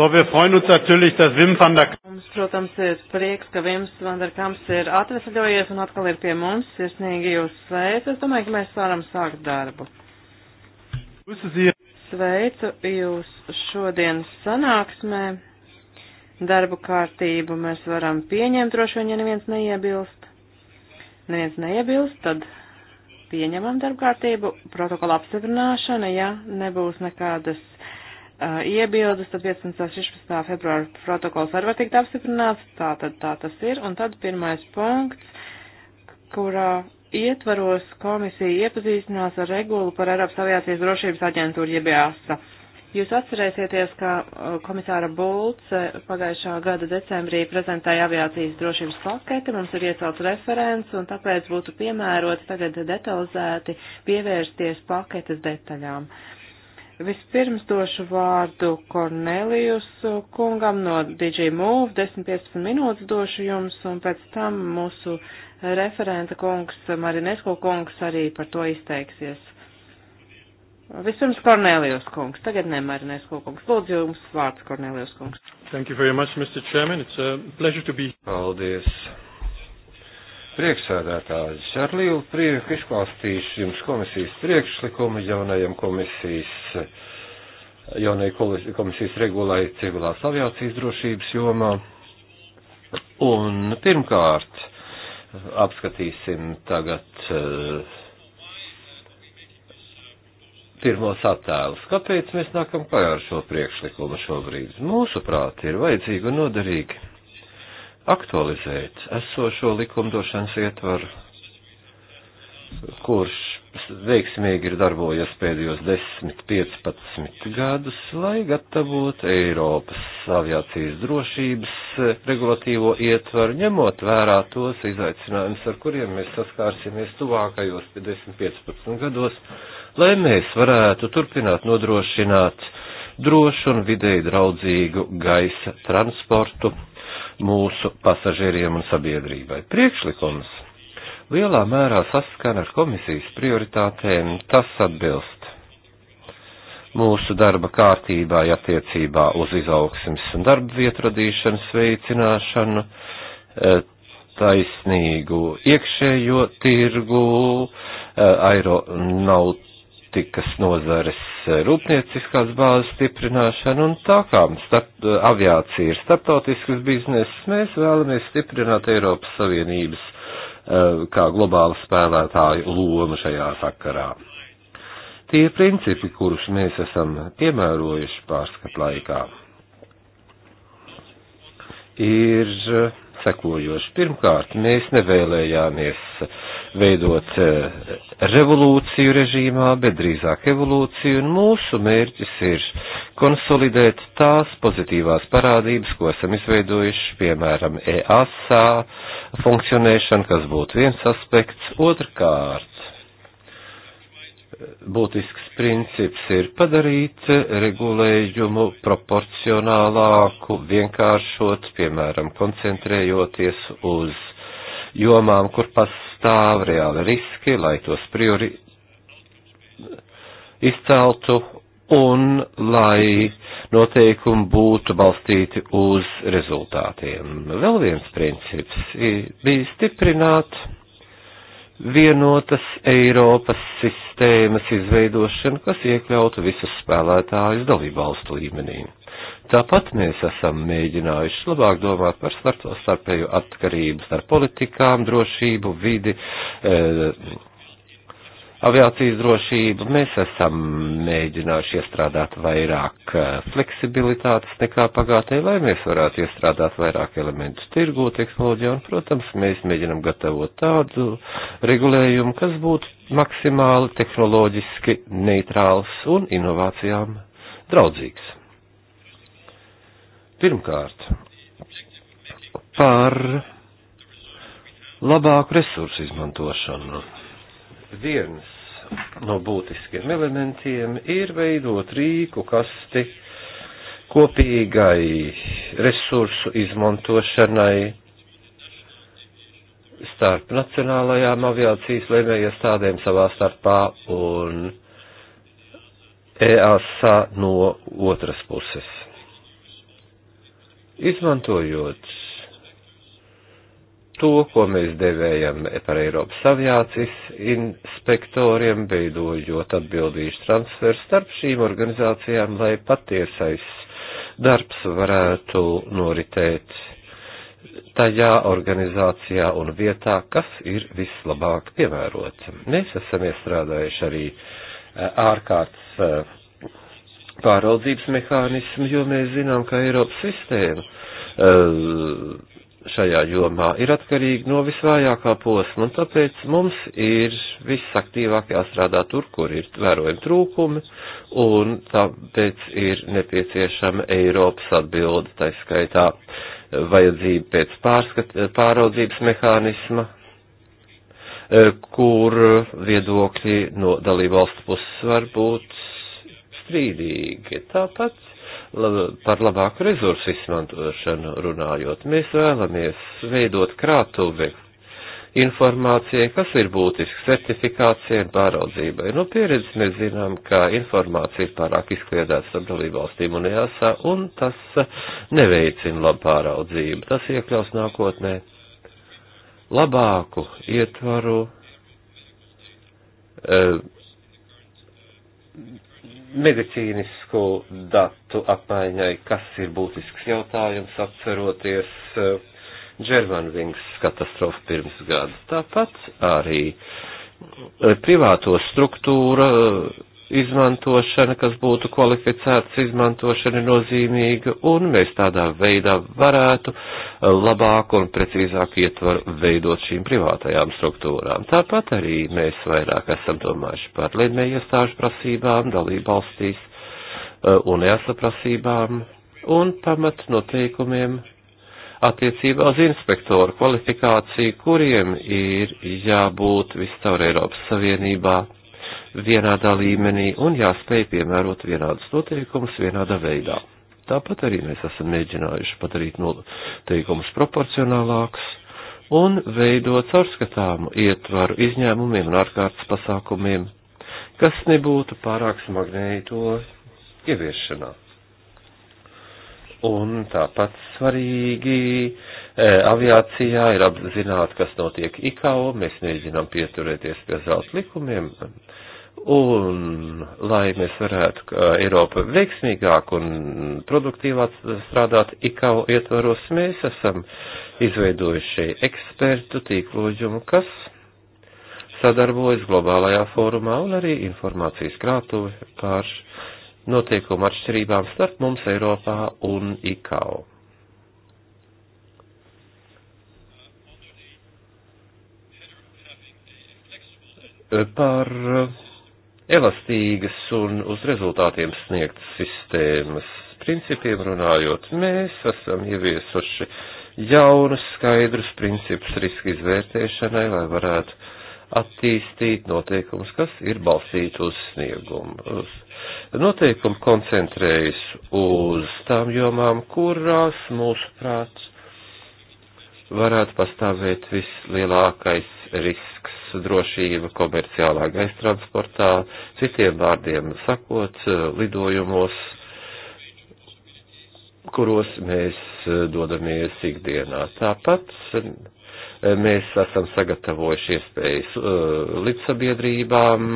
So, wir freuen uns natürlich, dass Wim van der Kamp. Mums, protams, ir prieks, ka Vims van der Kamps ir atvesaļojies un atkal ir pie mums. Sirsnīgi jūs sveicu. Es domāju, ka mēs varam sākt darbu. Sveicu jūs šodienas sanāksmē. Darbu kārtību mēs varam pieņemt, droši vien, ja neviens neiebilst. Neviens neiebilst, tad pieņemam darbu kārtību. Protokola apstiprināšana, ja nebūs nekādas uh, iebildes, tad 15. un 16. februāra protokols arī var tikt apstiprināts, tā tad tā tas ir, un tad pirmais punkts, kurā ietvaros komisija iepazīstinās ar regulu par Eiropas aviācijas drošības aģentūru jeb EASA. Jūs atcerēsieties, ka eh, komisāra Bulc pagājušā gada decembrī prezentēja aviācijas drošības paketi, mums ir iecelts referents, un tāpēc būtu piemērots tagad detalizēti pievērsties paketes detaļām. Uh, Vispirms došu vārdu Kornelijus kungam no DigiMove, 10-15 minūtes došu jums, un pēc tam mūsu referenta kungs Marinesko kungs arī par to izteiksies. Vispirms Kornelijus kungs, tagad ne Marinesko kungs. Lūdzu jums vārds Kornelijus kungs. Thank you very much, Mr. Chairman. It's a pleasure to be here. Paldies. Priekšsēdētājs, ar lielu prieku izklāstīšu jums komisijas priekšlikumu jaunajam komisijas, jaunai komisijas regulai civilās aviācijas drošības jomā. Un pirmkārt, apskatīsim tagad uh, pirmos attēlus. Kāpēc mēs nākam klajā ar šo priekšlikumu šobrīd? Mūsuprāt, ir vajadzīgi un noderīgi aktualizēt esošo likumdošanas ietvaru, kurš veiksmīgi ir darbojies pēdējos 10-15 gadus, lai gatavotu Eiropas aviācijas drošības regulatīvo ietvaru, ņemot vērā tos izaicinājumus, ar kuriem mēs saskārsimies tuvākajos 10-15 gados, lai mēs varētu turpināt nodrošināt drošu un vidēji draudzīgu gaisa transportu mūsu pasažieriem un sabiedrībai. Priekšlikums lielā mērā saskana ar komisijas prioritātēm, tas atbilst mūsu darba kārtībai attiecībā uz izaugsmes un darba vietu radīšanas veicināšanu, eh, taisnīgu iekšējo tirgu, eh, aeronautikas nozares Eh, rūpnieciskās bāzes stiprināšanu un tā kā starp, eh, aviācija ir starptautiskas biznesa, mēs vēlamies stiprināt Eiropas Savienības eh, kā globāla spēlētāju lomu šajā sakarā. Tie ir principi, kurus mēs esam piemērojuši pārskat laikā. Ir uh, sekojoši. Pirmkārt, mēs nevēlējāmies veidot eh, revolūciju režīmā, bet drīzāk evolūciju, un mūsu mērķis ir konsolidēt tās pozitīvās parādības, ko esam izveidojuši, piemēram, EASA funkcionēšana, kas būtu viens aspekts. Otrkārt, būtisks princips ir padarīt regulējumu proporcionālāku, vienkāršot, piemēram, koncentrējoties uz jomām, kur pastāv reāli riski, lai tos priori izceltu un lai noteikumi būtu balstīti uz rezultātiem. Vēl viens princips bija stiprināt vienotas Eiropas sistēmas izveidošanu, kas iekļautu visus spēlētājus dalībvalstu līmenī. Tāpat mēs esam mēģinājuši labāk domāt par starpēju atkarību starp politikām, drošību, vidi, e, aviācijas drošību. Mēs esam mēģinājuši iestrādāt vairāk eh, fleksibilitātes nekā pagātnē, lai mēs varētu iestrādāt vairāk elementu tirgu, tehnoloģiju, un, protams, mēs mēģinam gatavot tādu regulējumu, kas būtu maksimāli tehnoloģiski neitrāls un inovācijām draudzīgs. Pirmkārt, par labāku resursu izmantošanu viens no būtiskiem elementiem ir veidot rīku kasti kopīgai resursu izmantošanai starp nacionālajām aviācijas lēmējiestādēm savā starpā un EASA no otras puses. Izmantojot to, ko mēs devējam par Eiropas aviācijas inspektoriem, beidojot atbildīšu transferu starp šīm organizācijām, lai patiesais darbs varētu noritēt tajā organizācijā un vietā, kas ir vislabāk piemērots. Mēs esam iestrādājuši arī eh, ārkārtas eh, pāraudzības mehānismu, jo mēs zinām, ka Eiropas sistēma eh, šajā jomā ir atkarīgi no visvājākā posma, un tāpēc mums ir visaktīvāk jāstrādā tur, kur ir vērojami trūkumi, un tāpēc ir nepieciešama Eiropas atbilde, tā skaitā vajadzība pēc pārskat, pāraudzības mehānisma, eh, kur viedokļi no dalībvalstu puses var būt strīdīgi. Tāpat par labāku resursu izmantošanu runājot. Mēs vēlamies veidot krātuvi informācijai, kas ir būtiski certifikācijai un pāraudzībai. No pieredzes mēs zinām, ka informācija ir pārāk izkliedēta starp dalībvalstīm un jāsā, e un tas neveicina labu pāraudzību. Tas iekļaus nākotnē labāku ietvaru. Uh, medicīnisku datu apmaiņai, kas ir būtisks jautājums atceroties Džermanvings eh, katastrofu pirms gada. Tāpat arī eh, privāto struktūra izmantošana, kas būtu kvalificēts izmantošana nozīmīga, un mēs tādā veidā varētu labāk un precīzāk ietvaru veidot šīm privātajām struktūrām. Tāpat arī mēs vairāk esam domājuši par lēmēju iestāžu prasībām, dalību valstīs eh, un jāsaprasībām un pamatnoteikumiem attiecībā uz inspektoru kvalifikāciju, kuriem ir jābūt viscaur Eiropas Savienībā vienādā līmenī un jāspēj piemērot vienādas noteikumus vienādā veidā. Tāpat arī mēs esam mēģinājuši padarīt noteikumus proporcionālākus un veidot caurskatāmu ietvaru izņēmumiem un ārkārtas pasākumiem, kas nebūtu pārāk smagnēji to ieviešanā. Un tāpat svarīgi e, aviācijā ir apzināt, kas notiek IKO, mēs mēģinām pieturēties pie zelta likumiem, Un, lai mēs varētu kā Eiropa veiksmīgāk un produktīvāk strādāt ikau ietvaros, mēs esam izveidojuši ekspertu tīkloģumu, kas sadarbojas globālajā fórumā un arī informācijas krātuvi par notiekumu atšķirībām starp mums Eiropā un ikau. Par elastīgas un uz rezultātiem sniegtas sistēmas. Principiem runājot, mēs esam ieviesuši jaunus skaidrus principus riska izvērtēšanai, lai varētu attīstīt noteikumus, kas ir balstīti uz sniegumu. Noteikumi koncentrējas uz tām jomām, kurās mūsu prāts varētu pastāvēt vislielākais risks drošība komerciālā gaisa transportā, citiem vārdiem sakot, lidojumos, kuros mēs eh, dodamies ikdienā. Tāpat eh, mēs esam sagatavojuši iespējas eh, līdzsabiedrībām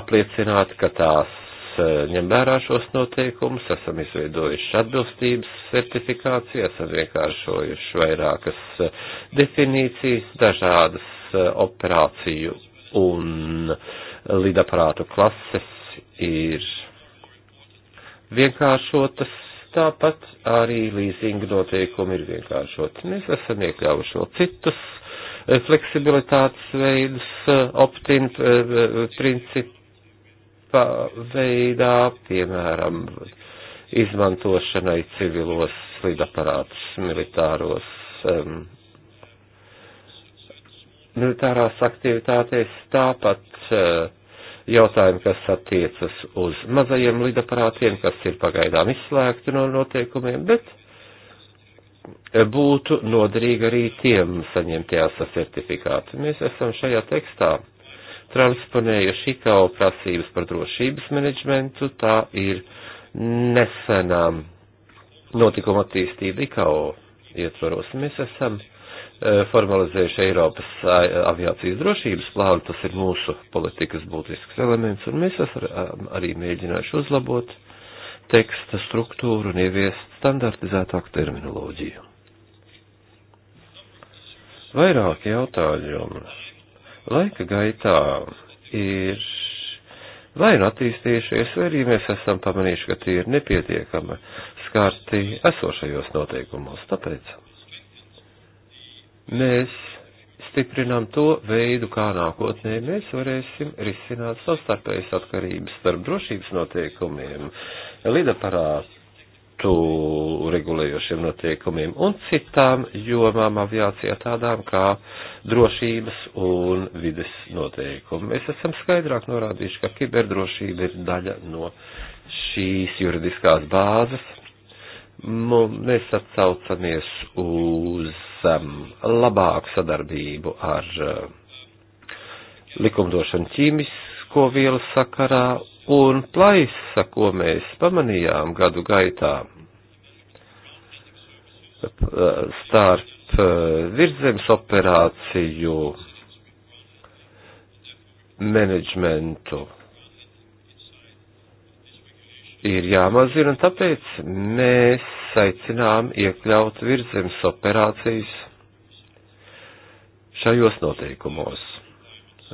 apliecināt, ka tās ņem vērā šos noteikumus, esam izveidojuši atbilstības certifikāciju, esam vienkāršojuši vairākas definīcijas, dažādas Eh, operāciju un lidaprātu klases ir vienkāršotas, tāpat arī līzinga noteikumi ir vienkāršoti. Mēs esam iekļāvuši vēl citus eh, fleksibilitātes veidus, eh, optin principa veidā, piemēram, izmantošanai civilos lidaparātus, militāros um, militārās aktivitātēs, tāpat eh, jautājumi, kas attiecas uz mazajiem lidaparātiem, kas ir pagaidām izslēgti no noteikumiem, bet eh, būtu noderīgi arī tiem saņemt jāsa certifikātu. Mēs esam šajā tekstā transponējuši IKO prasības par drošības menedžmentu, tā ir nesenām notikuma attīstība IKO ietvaros. Mēs esam uh, E, formalizējuši Eiropas aviācijas drošības plānu, tas ir mūsu politikas būtisks elements, un mēs esam arī mēģinājuši uzlabot teksta struktūru un ieviest standartizētāku terminoloģiju. Vairāki jautājumi laika gaitā ir vai nu attīstījušies, vai arī mēs esam pamanījuši, ka tie ir nepietiekami skārti esošajos noteikumos. Tāpēc mēs stiprinām to veidu, kā nākotnē mēs varēsim risināt savstarpējas atkarības starp drošības noteikumiem, lidaparātu regulējošiem noteikumiem un citām jomām aviācijā tādām kā drošības un vides noteikumi. Mēs esam skaidrāk norādījuši, ka kiberdrošība ir daļa no šīs juridiskās bāzes. Mēs atsaucamies uz Um, labāku sadarbību ar uh, likumdošanu ķīmisko vielu sakarā un plaisa, ko mēs pamanījām gadu gaitā starp uh, virzemes operāciju menedžmentu ir jāmazina, un tāpēc mēs aicinām iekļaut virzemes operācijas šajos noteikumos.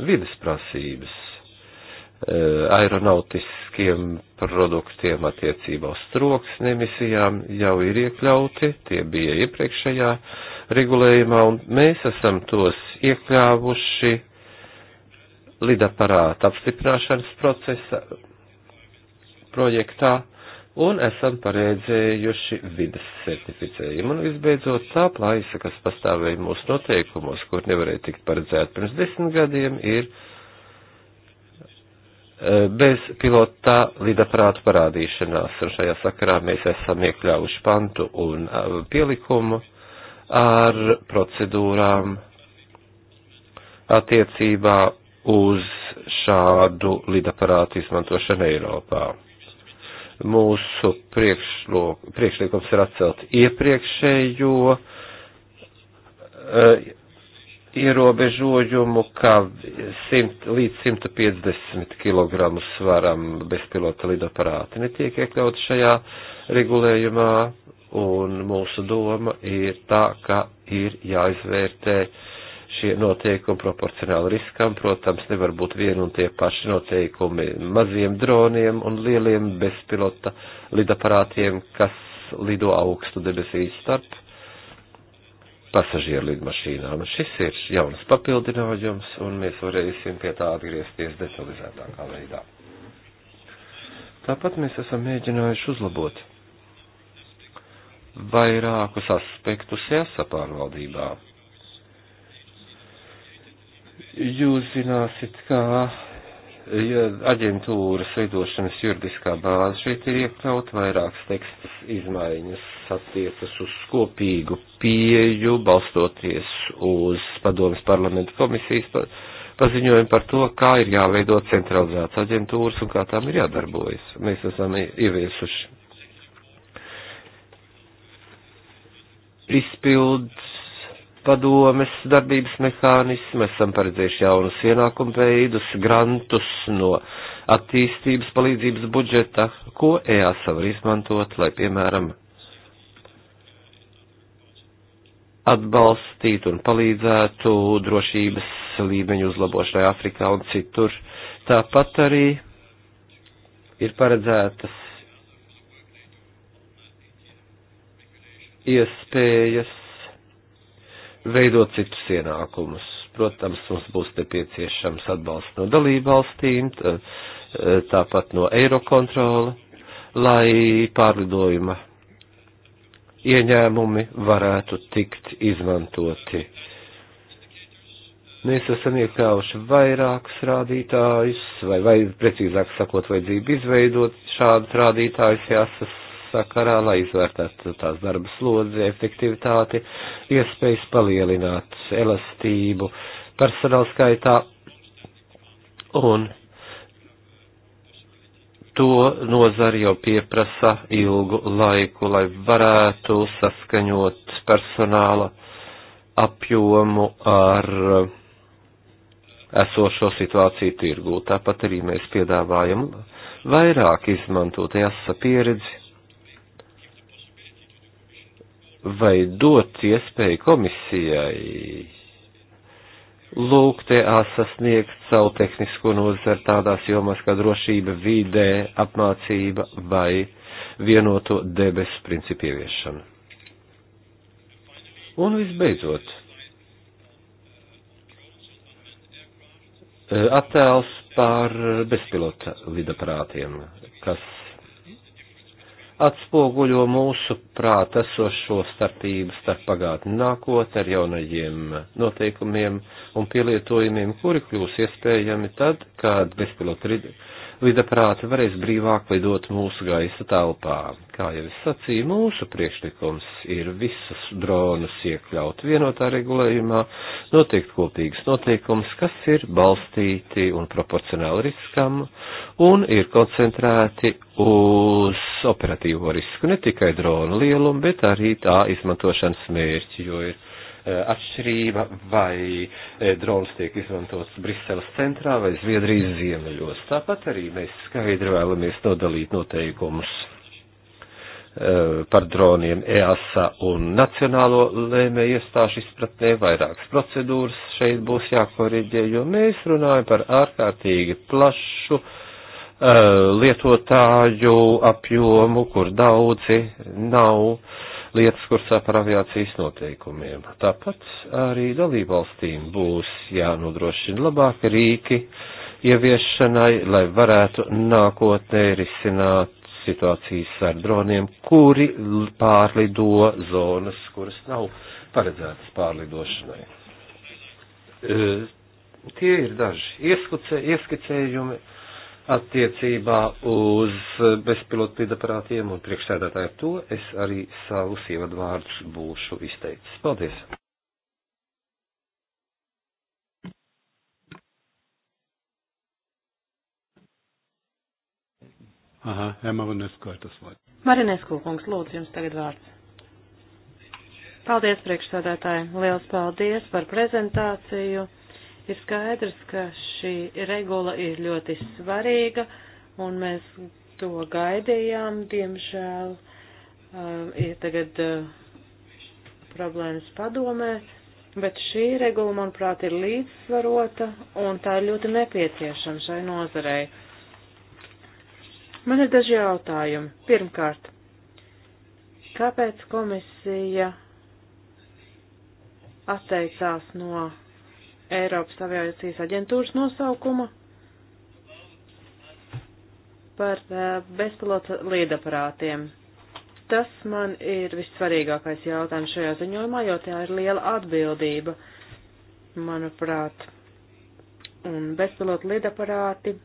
Vides prasības eh, aeronautiskiem produktiem attiecībā uz troksni emisijām jau ir iekļauti, tie bija iepriekšējā regulējumā, un mēs esam tos iekļāvuši lidaparāta apstiprināšanas procesa projektā un esam paredzējuši vidas certificējumu. Un visbeidzot, tā plaisa, kas pastāvēja mūsu noteikumos, kur nevarēja tikt paredzēta pirms desmit gadiem, ir e, bez pilotā lidaprātu parādīšanās. Un šajā sakarā mēs esam iekļāvuši pantu un e, pielikumu ar procedūrām attiecībā uz šādu lidaparātu izmantošanu Eiropā mūsu priekšlikums ir atcelt iepriekšējo uh, ierobežojumu, kā 100, līdz 150 kg svaram bezpilota lidaparāti netiek iekļauts šajā regulējumā, un mūsu doma ir tā, ka ir jāizvērtē uh, šie noteikumi proporcionāli riskam. Protams, nevar būt vien un tie paši noteikumi maziem droniem un lieliem bezpilota lidaparātiem, kas lido augstu debesīs starp pasažieru lidmašīnām. Šis ir jauns papildinājums, un mēs varēsim pie tā atgriezties detalizētākā veidā. Tāpat mēs esam mēģinājuši uzlabot vairākus aspektus ESA pārvaldībā Jūs zināsit, ka ja aģentūras veidošanas juridiskā bāze šeit ir iekļaut vairākas tekstas izmaiņas attiecas uz kopīgu pieju, balstoties uz padomas parlamentu komisijas paziņojumu par to, kā ir jāveido centralizētas aģentūras un kā tām ir jādarbojas. Mēs esam ieviesuši izpildu padomes darbības mehānismu, esam paredzējuši jaunus ienākumu veidus, grantus no attīstības palīdzības budžeta, ko EASA var izmantot, lai, piemēram, atbalstītu un palīdzētu drošības līmeņu uzlabošanai Afrikā un citur. Tāpat arī ir paredzētas iespējas veidot citus ienākumus. Protams, mums būs nepieciešams atbalsts no dalībvalstīm, e, tāpat no Eirokontrola, lai pārlidojuma ieņēmumi varētu tikt izmantoti. Mēs esam iekļāvuši vairākus rādītājus, vai, vai precīzāk sakot, vajadzību izveidot šādus rādītājus jāsas sakarā, lai izvērtētu tās darba slodzi, efektivitāti, iespējas palielināt elastību personāla skaitā un to nozari jau pieprasa ilgu laiku, lai varētu saskaņot personāla apjomu ar esošo situāciju tirgū. Tāpat arī mēs piedāvājam vairāk izmantot ESA pieredzi vai dot iespēju komisijai lūgt EASA sniegt savu tehnisko nozaru tādās jomās kā drošība, vidē, apmācība vai vienoto debesu principu ieviešana. Un visbeidzot, e, attēls par bezpilota lidaprātiem, kas atspoguļo mūsu prāta esošo starpību starp pagātni nākotni ar jaunajiem noteikumiem un pielietojumiem, kuri kļūs iespējami tad, kad bezpilota lidaprāti varēs brīvāk lidot mūsu gaisa telpā. Kā jau es sacīju, mūsu priekšlikums ir visas dronus iekļaut vienotā regulējumā, noteikt kopīgas noteikums, kas ir balstīti un proporcionāli riskam un ir koncentrēti uz operatīvo risku, ne tikai dronu lielumu, bet arī tā izmantošanas mērķi, jo ir Eh, atšķirība, vai eh, drons tiek izmantots Briseles centrā vai Zviedrijas ziemeļos. Tāpat arī mēs skaidri vēlamies nodalīt noteikumus eh, par droniem EASA un Nacionālo lēmē iestāžu izpratnē vairākas procedūras šeit būs jākoriģē, jo mēs runājam par ārkārtīgi plašu uh, lietotāju apjomu, kur daudzi nav uh, lietas kursā par aviācijas noteikumiem. Tāpat arī dalībvalstīm būs jānodrošina labāki rīki ieviešanai, lai varētu nākotnē risināt situācijas ar droniem, kuri pārlido zonas, kuras nav paredzētas pārlidošanai. Tie ir daži ieskicējumi attiecībā uz bezpilotu lidaparātiem un priekšsēdētāju to es arī savus ievadvārdus būšu izteicis. Paldies! Aha, Emma Vanesko ir tas vārds. Marinesko kungs, lūdzu, jums tagad vārds. Paldies, priekšsēdētāji. Liels paldies par prezentāciju. Ir skaidrs, ka šī regula ir ļoti svarīga, un mēs to gaidījām, diemžēl. Um, ir tagad uh, problēmas padomē, bet šī regula, manuprāt, ir līdzsvarota, un tā ir ļoti nepieciešama šai nozarei. Man ir daži jautājumi. Pirmkārt, kāpēc komisija atteicās no Eiropas aviācijas aģentūras nosaukuma par eh, bezpilota lidaparātiem. Tas man ir vissvarīgākais jautājums šajā ziņojumā, jo tā ir liela atbildība, manuprāt. Un bezpilota lidaparāti,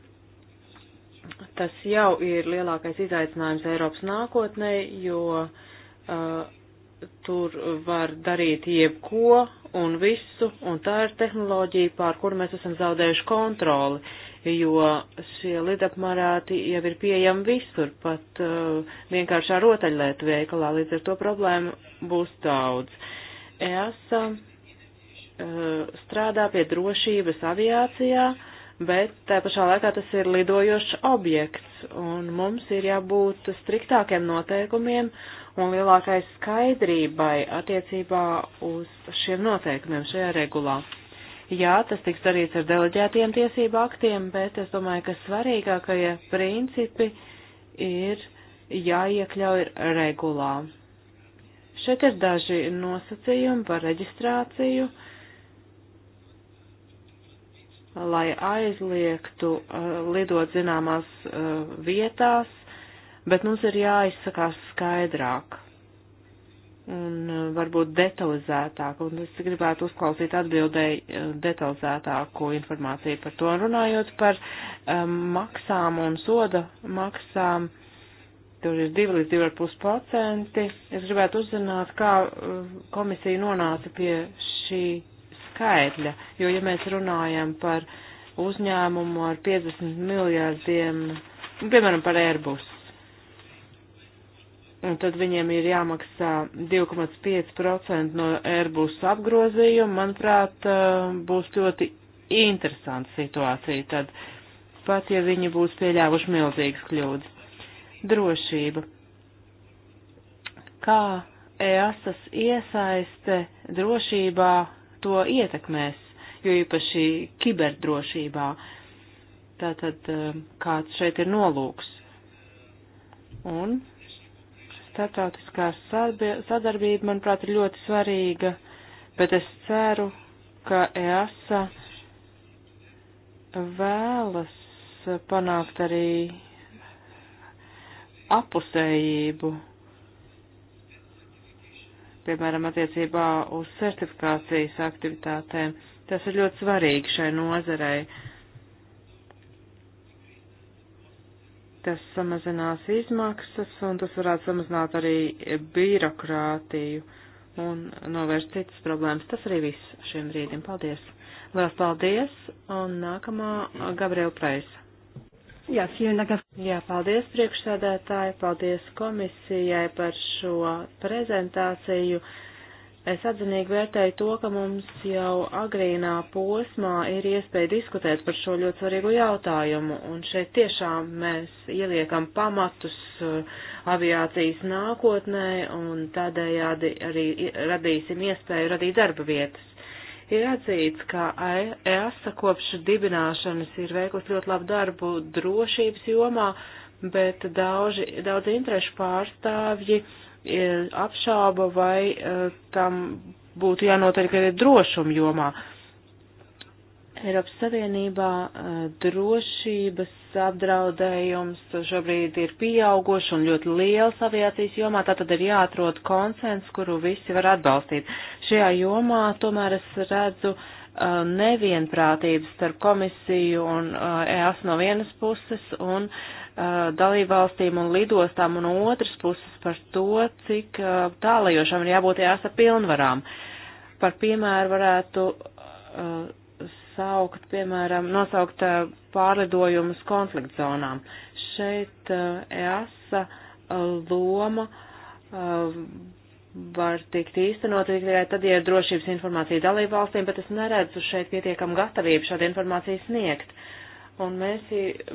tas jau ir lielākais izaicinājums Eiropas nākotnē, jo uh, tur var darīt jebko un visu, un tā ir tehnoloģija, pār kur mēs esam zaudējuši kontroli, jo šie lidapmarāti jau ir pieejami visur, pat uh, vienkāršā rotaļlietu veikalā, līdz ar to problēmu būs daudz. EASA uh, strādā pie drošības aviācijā, bet tā pašā laikā tas ir lidojošs objekts, un mums ir jābūt striktākiem noteikumiem, uh, un lielākai skaidrībai attiecībā uz šiem noteikumiem šajā regulā. Jā, tas tiks darīts ar deleģētiem tiesību aktiem, bet es domāju, ka svarīgākie principi ir jāiekļauj regulā. Šeit ir daži nosacījumi par reģistrāciju, lai aizliegtu uh, lidot zināmās uh, vietās, bet mums ir jāizsakās skaidrāk un eh, varbūt detalizētāk, un es gribētu uzklausīt atbildēji eh, detalizētāko informāciju par to. Runājot par um, maksām un soda maksām, tur ir 2 līdz 2,5%. Es gribētu uzzināt, kā eh, komisija nonāca pie šī skaitļa, jo ja mēs runājam par uzņēmumu ar 50 miljārdiem, piemēram, par Airbus, tad viņiem ir jāmaksā 2,5% no Airbus apgrozījuma, manuprāt, būs ļoti interesanta situācija tad, pat ja viņi būs pieļāvuši milzīgas kļūdas. Drošība. Kā EASAS iesaiste drošībā to ietekmēs, jo īpaši kiberdrošībā. Tātad, kāds šeit ir nolūks? Un starptautiskā sadarbība, manuprāt, ir ļoti svarīga, bet es ceru, ka EASA vēlas panākt arī apusējību, piemēram, attiecībā uz certifikācijas aktivitātēm. Tas ir ļoti svarīgi šai nozarei. Uh, Tas samazinās izmaksas un tas varētu samazināt arī birokrātiju un novērst citas problēmas. Tas arī viss šiem brīdim. Paldies! Lielas paldies! Un nākamā Gabriela Preisa. Jā, Sienaga. Jā, paldies priekšsēdētāji, paldies komisijai par šo prezentāciju. Uh, Es atzinīgi vērtēju to, ka mums jau agrīnā posmā ir iespēja diskutēt par šo ļoti svarīgu jautājumu, un šeit tiešām mēs ieliekam pamatus uh, aviācijas nākotnē, un tādējādi arī radīsim iespēju radīt darba vietas. Ir atzīts, ka EASA kopš dibināšanas ir veikusi ļoti labu darbu drošības jomā, bet daudzi, daudzi interešu pārstāvji E, apšāba, vai e, tam būtu jānotiek arī drošuma jomā. Eiropas Savienībā e, drošības apdraudējums šobrīd ir pieauguši un ļoti liels aviācijas jomā, tātad ir jāatrod konsens, kuru visi var atbalstīt. Šajā jomā tomēr es redzu nevienprātības starp komisiju un EAS no vienas puses un uh, Uh, dalībvalstīm un lidostām, un otras puses par to, cik uh, tālajošam ir jābūt jāsa pilnvarām. Par piemēru varētu uh, saukt, piemēram, nosaukt pārlidojumus konflikt zonām. Šeit EASA loma var tikt īstenot tikai tad, ja ir drošības informācija dalībvalstīm, bet es neredzu šeit pietiekam gatavību šādu informāciju sniegt. Uh, Un mēs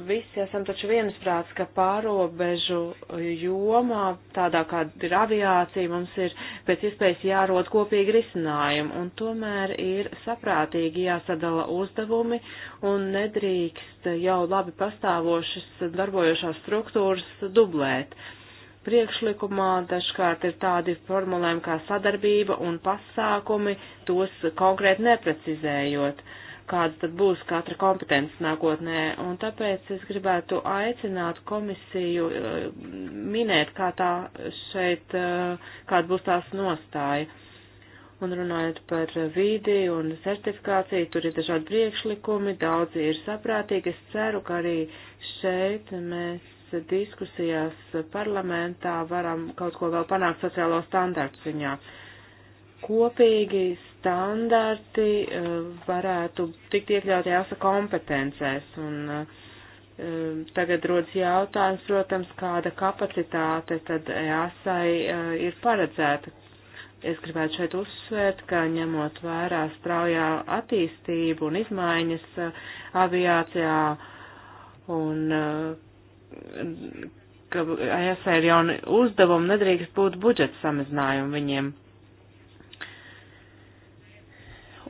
visi esam taču viensprāts, ka pārobežu jomā, tādā kā ir aviācija, mums ir pēc iespējas jārod kopīgi risinājumi, un tomēr ir saprātīgi jāsadala uzdevumi, un nedrīkst jau labi pastāvošas darbojošās struktūras dublēt. Priekšlikumā dažkārt ir tādi formulējumi kā sadarbība un pasākumi, tos konkrēti neprecizējot. Uh, kāda tad būs katra kompetence nākotnē. Un tāpēc es gribētu aicināt komisiju eh, minēt, kā tā šeit, eh, kāda būs tās nostāja. Un runājot par vīdi un certifikāciju, tur ir dažādi priekšlikumi, daudzi ir saprātīgi. Es ceru, ka arī šeit mēs diskusijās parlamentā varam kaut ko vēl panākt sociālo standartu ziņā. Uh, kopīgi standarti eh, varētu tikt iekļauti jāsa kompetencēs. Un eh, eh, tagad rodas jautājums, protams, kāda kapacitāte tad jāsai ir paredzēta. Es gribētu šeit uzsvērt, ka ņemot vērā straujā attīstību un izmaiņas aviācijā un ka ASV ir jauni uzdevumi, nedrīkst būt budžeta samazinājumi viņiem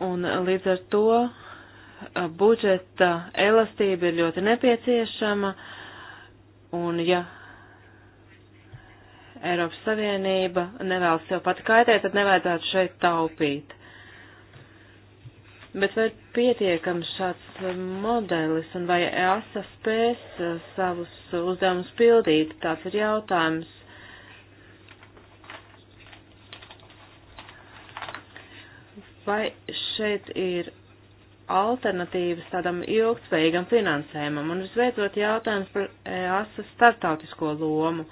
un līdz ar to budžeta elastība ir ļoti nepieciešama, un ja Eiropas Savienība nevēlas sev pat kaitēt, tad nevajadzētu šeit taupīt. Bet vai pietiekams šāds modelis un vai EASA spēs savus uzdevumus pildīt, tāds ir jautājums. Vai šeit ir alternatīvas tādam ilgtspējīgam finansējumam? Un visbeidzot jautājums par EASA startautisko lomu.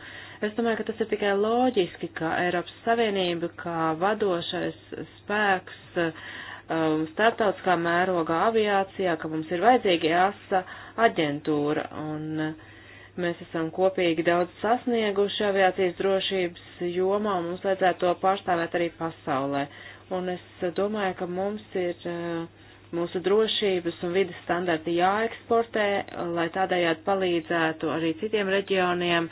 Es domāju, ka tas ir tikai loģiski, ka Eiropas Savienība kā vadošais spēks um, starptautiskā mērogā aviācijā, ka mums ir vajadzīga EASA aģentūra. Un, uh, Mēs esam kopīgi daudz sasnieguši aviācijas drošības jomā un mums vajadzētu to pārstāvēt arī pasaulē. Uh, un es domāju, ka mums ir eh, mūsu drošības un vidas standarti jāeksportē, lai tādējādi palīdzētu arī citiem reģioniem,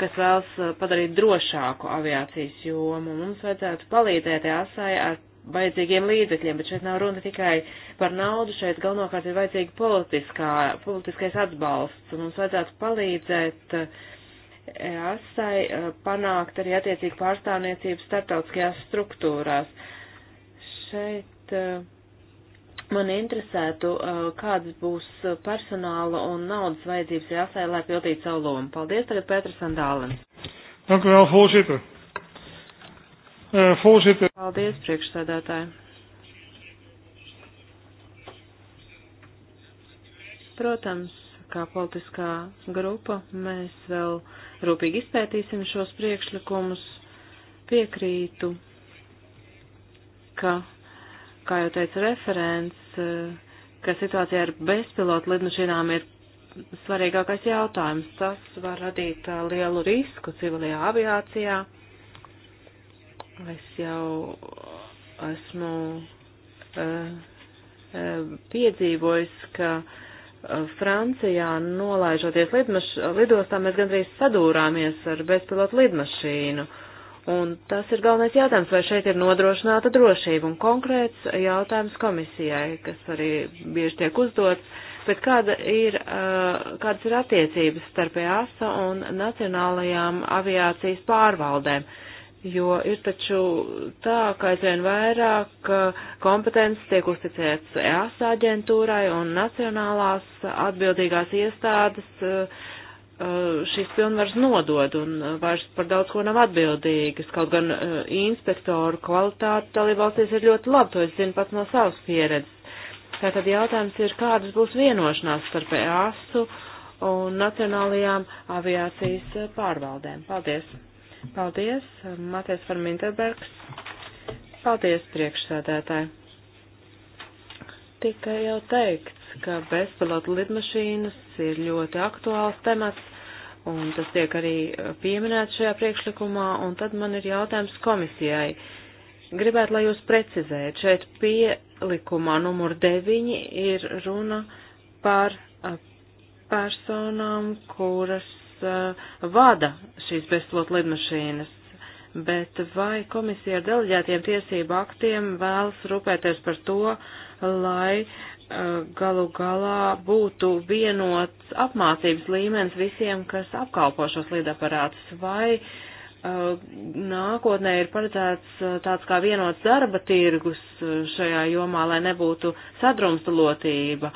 kas vēlas eh, padarīt drošāku aviācijas jomu. Mums vajadzētu palīdzēt ASAI ar vajadzīgiem līdzekļiem, bet šeit nav runa tikai par naudu, šeit galvenokārt ir vajadzīga politiskā, politiskais atbalsts, un mums vajadzētu palīdzēt eh, ASAI panākt arī attiecīgu pārstāvniecību starptautiskajās struktūrās. Uh, šeit eh, man interesētu, eh, kādas būs personāla un naudas vajadzības jāsai, lai pildītu savu lomu. Paldies tagad Pēters un Dālens. Dank u wel, voorzitter. Uh, voorzitter. Paldies, priekšsēdētāji. Protams, kā politiskā grupa mēs vēl rūpīgi izpētīsim šos priekšlikumus. Piekrītu, ka kā jau teica referents, eh, ka situācija ar bezpilotu lidmašīnām ir svarīgākais jautājums. Tas var radīt eh, lielu risku civilajā aviācijā. Es jau esmu eh, piedzīvojis, ka Francijā nolaižoties lidmaš, lidostā mēs gandrīz sadūrāmies ar bezpilotu lidmašīnu. Uh, Un tas ir galvenais jautājums, vai šeit ir nodrošināta drošība un konkrēts jautājums komisijai, kas arī bieži tiek uzdots, bet kāda ir, uh, kādas ir attiecības starp EASA un nacionālajām aviācijas pārvaldēm? jo ir taču tā, ka aizvien vairāk uh, kompetences tiek uzticēts EASA aģentūrai un nacionālās atbildīgās iestādes uh, Uh, šīs pilnvaras nodod un uh, vairs par daudz ko nav atbildīgas. Kaut gan uh, inspektoru kvalitāte dalībvalstīs ir ļoti laba, to es zinu pats no savas pieredzes. Tātad jautājums ir, kādas būs vienošanās starp EASU un nacionālajām aviācijas uh, pārvaldēm. Paldies! Paldies, Matēs Farminterbergs. Paldies, priekšsēdētāji! tika jau teikts, ka bezpilota lidmašīnas ir ļoti aktuāls temats, un tas tiek arī uh, pieminēts šajā priekšlikumā, un tad man ir jautājums komisijai. Gribētu, lai jūs precizējat, šeit pielikumā numur 9 ir runa par uh, personām, kuras uh, vada šīs bezpilota lidmašīnas bet vai komisija ar deleģētiem tiesību aktiem vēlas rūpēties par to, lai eh, galu galā būtu vienots apmācības līmenis visiem, kas apkalpo šos lidaparātus, vai eh, nākotnē ir paredzēts eh, tāds kā vienots darba tirgus šajā jomā, lai nebūtu sadrumstalotība,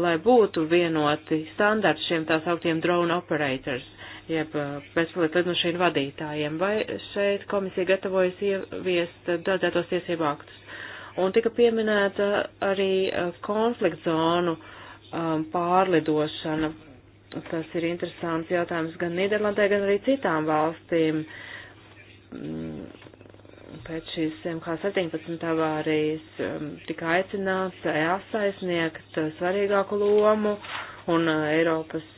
lai būtu vienoti standarti šiem tā sauktiem drone operators jeb bezpilota lidmašīnu vadītājiem, vai šeit komisija gatavojas ieviest dodētos tiesību aktus. Un tika pieminēta arī eh, konflikt zonu eh, pārlidošana. Tas ir interesants jautājums gan Nīderlandē, gan arī citām valstīm. Mm, pēc šīs MH17 avārijas tika aicināts EASA eh, aizsniegt svarīgāku lomu un Eiropas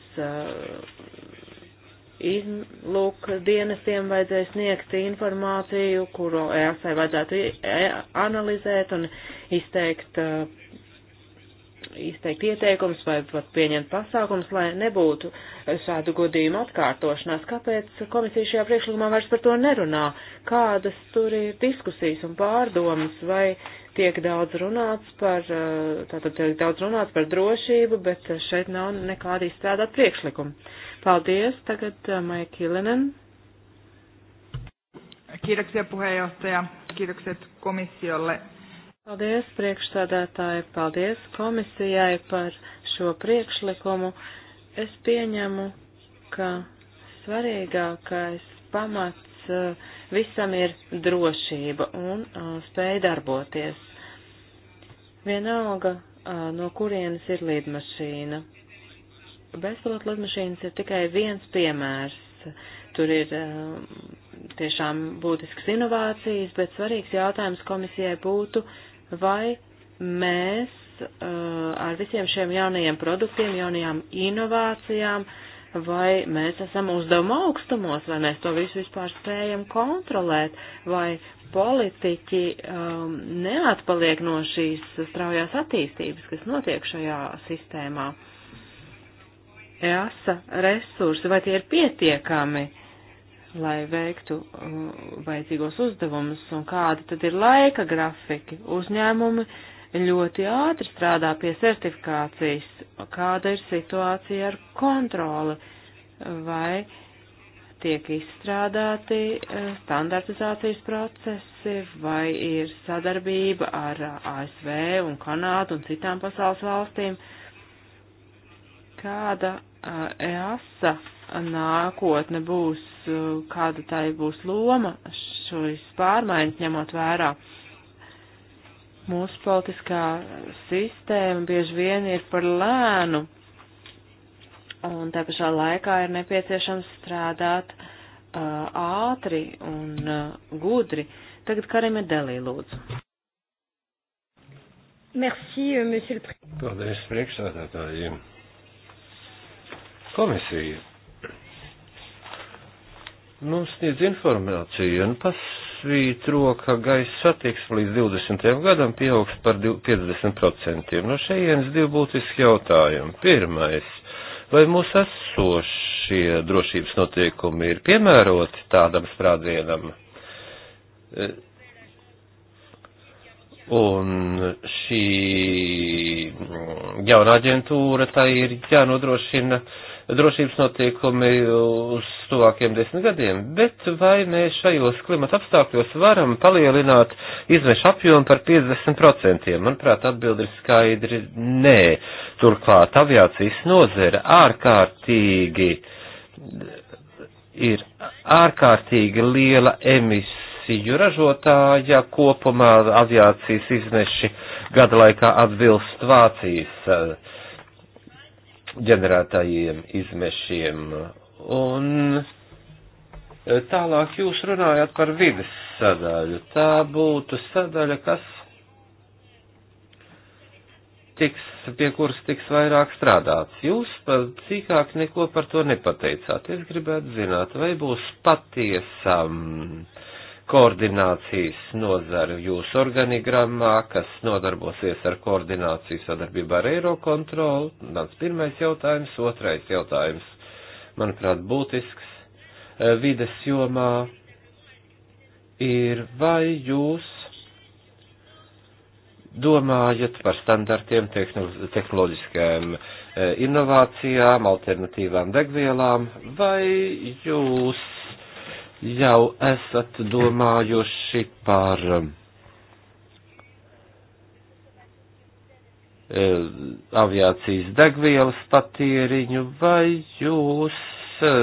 izlūk dienestiem vajadzēja sniegt informāciju, kuru EASai vajadzētu e, analizēt un izteikt, e, izteikt ieteikums vai pat pieņemt pasākums, lai nebūtu šādu godījumu atkārtošanās. Kāpēc komisija šajā priekšlikumā vairs par to nerunā? Kādas tur ir diskusijas un pārdomas vai tiek daudz runāts par, e, tātad tiek daudz runāts par drošību, bet šeit nav nekāda izstrādāt priekšlikuma. Paldies. Tagad uh, Maija Kilinen. Kiitoksia puheenjohtaja. Kiitokset komissiolle. Paldies priekšstādātāji, paldies komisijai par šo priekšlikumu. Es pieņemu, ka svarīgākais pamats uh, visam ir drošība un uh, spēja darboties. Vienalga, no kurienes ir līdmašīna bezpilota lidmašīnas ir tikai viens piemērs. Tur ir eh, tiešām būtisks inovācijas, bet svarīgs jautājums komisijai būtu, vai mēs eh, ar visiem šiem jaunajiem produktiem, jaunajām inovācijām, vai mēs esam uzdevuma augstumos, vai mēs to visu vispār spējam kontrolēt, vai politiķi um, neatpaliek no šīs straujās attīstības, kas notiek šajā sistēmā. Uh, EASA resursi, vai tie ir pietiekami, lai veiktu uh, vajadzīgos uzdevumus, un kādi tad ir laika grafiki uzņēmumi ļoti ātri strādā pie certifikācijas, kāda ir situācija ar kontroli, vai tiek izstrādāti uh, standartizācijas procesi, vai ir sadarbība ar uh, ASV un Kanādu un citām pasaules valstīm, kāda EASA nākotne būs, e, kāda tai būs loma šīs pārmaiņas ņemot vērā. Mūsu politiskā sistēma bieži vien ir par lēnu, un tā pašā laikā ir nepieciešams strādāt uh, ātri un uh, gudri. Tagad Karime Delī lūdzu. Merci, euh, monsieur le Président. Paldies, priekšsādātājiem. Komisija mums sniedz informāciju un pasvītro, ka gaisa satiksme līdz 20. gadam pieaugs par 50%. No šejienes divi būtiski jautājumi. Pirmais, vai mūsu esošie drošības noteikumi ir piemēroti tādam sprādzienam? E, un šī jauna aģentūra, tā ir jānodrošina. Ja drošības notiekumi uz tuvākiem desmit gadiem, bet vai mēs šajos klimata apstākļos varam palielināt izmešu apjomu par 50%? Manuprāt, atbildi ir skaidri nē. Turklāt aviācijas nozara ārkārtīgi ir ārkārtīgi liela emisiju ražotāja kopumā aviācijas izmeši gada laikā atbilst Vācijas uh, ģenerētajiem izmešiem. Un e, tālāk jūs runājat par vides sadaļu. Tā būtu sadaļa, kas tiks, pie kuras tiks vairāk strādāts. Jūs par cīkāk neko par to nepateicāt. Es gribētu zināt, vai būs patiesam. Um, koordinācijas nozaru jūsu organigrammā, kas nodarbosies ar koordināciju sadarbībā ar Eirokontrolu. Tāds pirmais jautājums, otrais jautājums, manuprāt, būtisks eh, vides jomā ir, vai jūs domājat par standartiem tehnoloģiskajām eh, inovācijām, alternatīvām degvielām, vai jūs jau esat domājuši par um, e, aviācijas degvielas patēriņu, vai jūs e,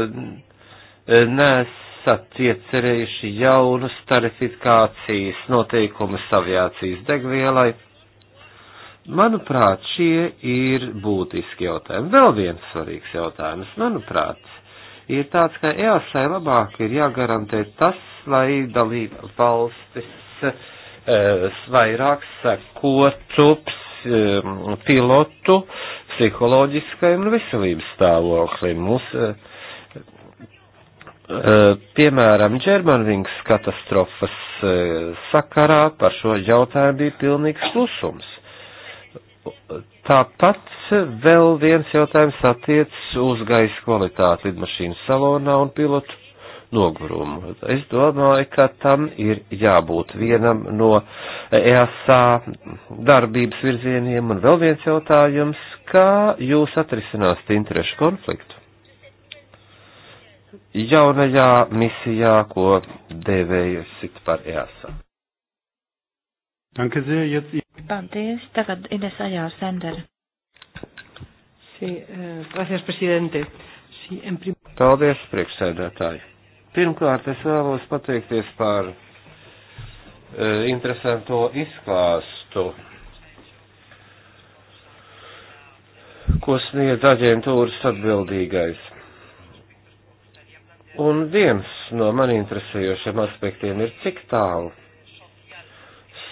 nesat iecerējuši jaunus tarifikācijas noteikumus aviācijas degvielai? Manuprāt, šie ir būtiski jautājumi. Vēl viens svarīgs jautājums, manuprāt, ir tāds, ka EASai labāk ir jāgarantē tas, lai dalība valstis e, vairāk sekotu e, pilotu psiholoģiskai un veselības stāvoklim. Mums, e, piemēram, Džermanvings katastrofas sakarā par šo jautājumu bija pilnīgs klusums. Tāpat vēl viens jautājums attiecas uz gaisa kvalitāti lidmašīnas salonā un pilotu nogurumu. Es domāju, ka tam ir jābūt vienam no EASA darbības virzieniem. Un vēl viens jautājums, kā jūs atrisināsiet interešu konfliktu? jaunajā misijā, ko devējusi par EASA. Danke sehr, jetzt. Paldies, tagad Ines Ajāra Sendera. Sí, uh, gracias, presidente. Sí, en prim... Paldies, priekšsēdētāji. Pirmkārt, es vēlos pateikties par uh, interesanto izklāstu, ko sniedz aģentūras atbildīgais. Un viens no man interesējošiem aspektiem ir, cik tālu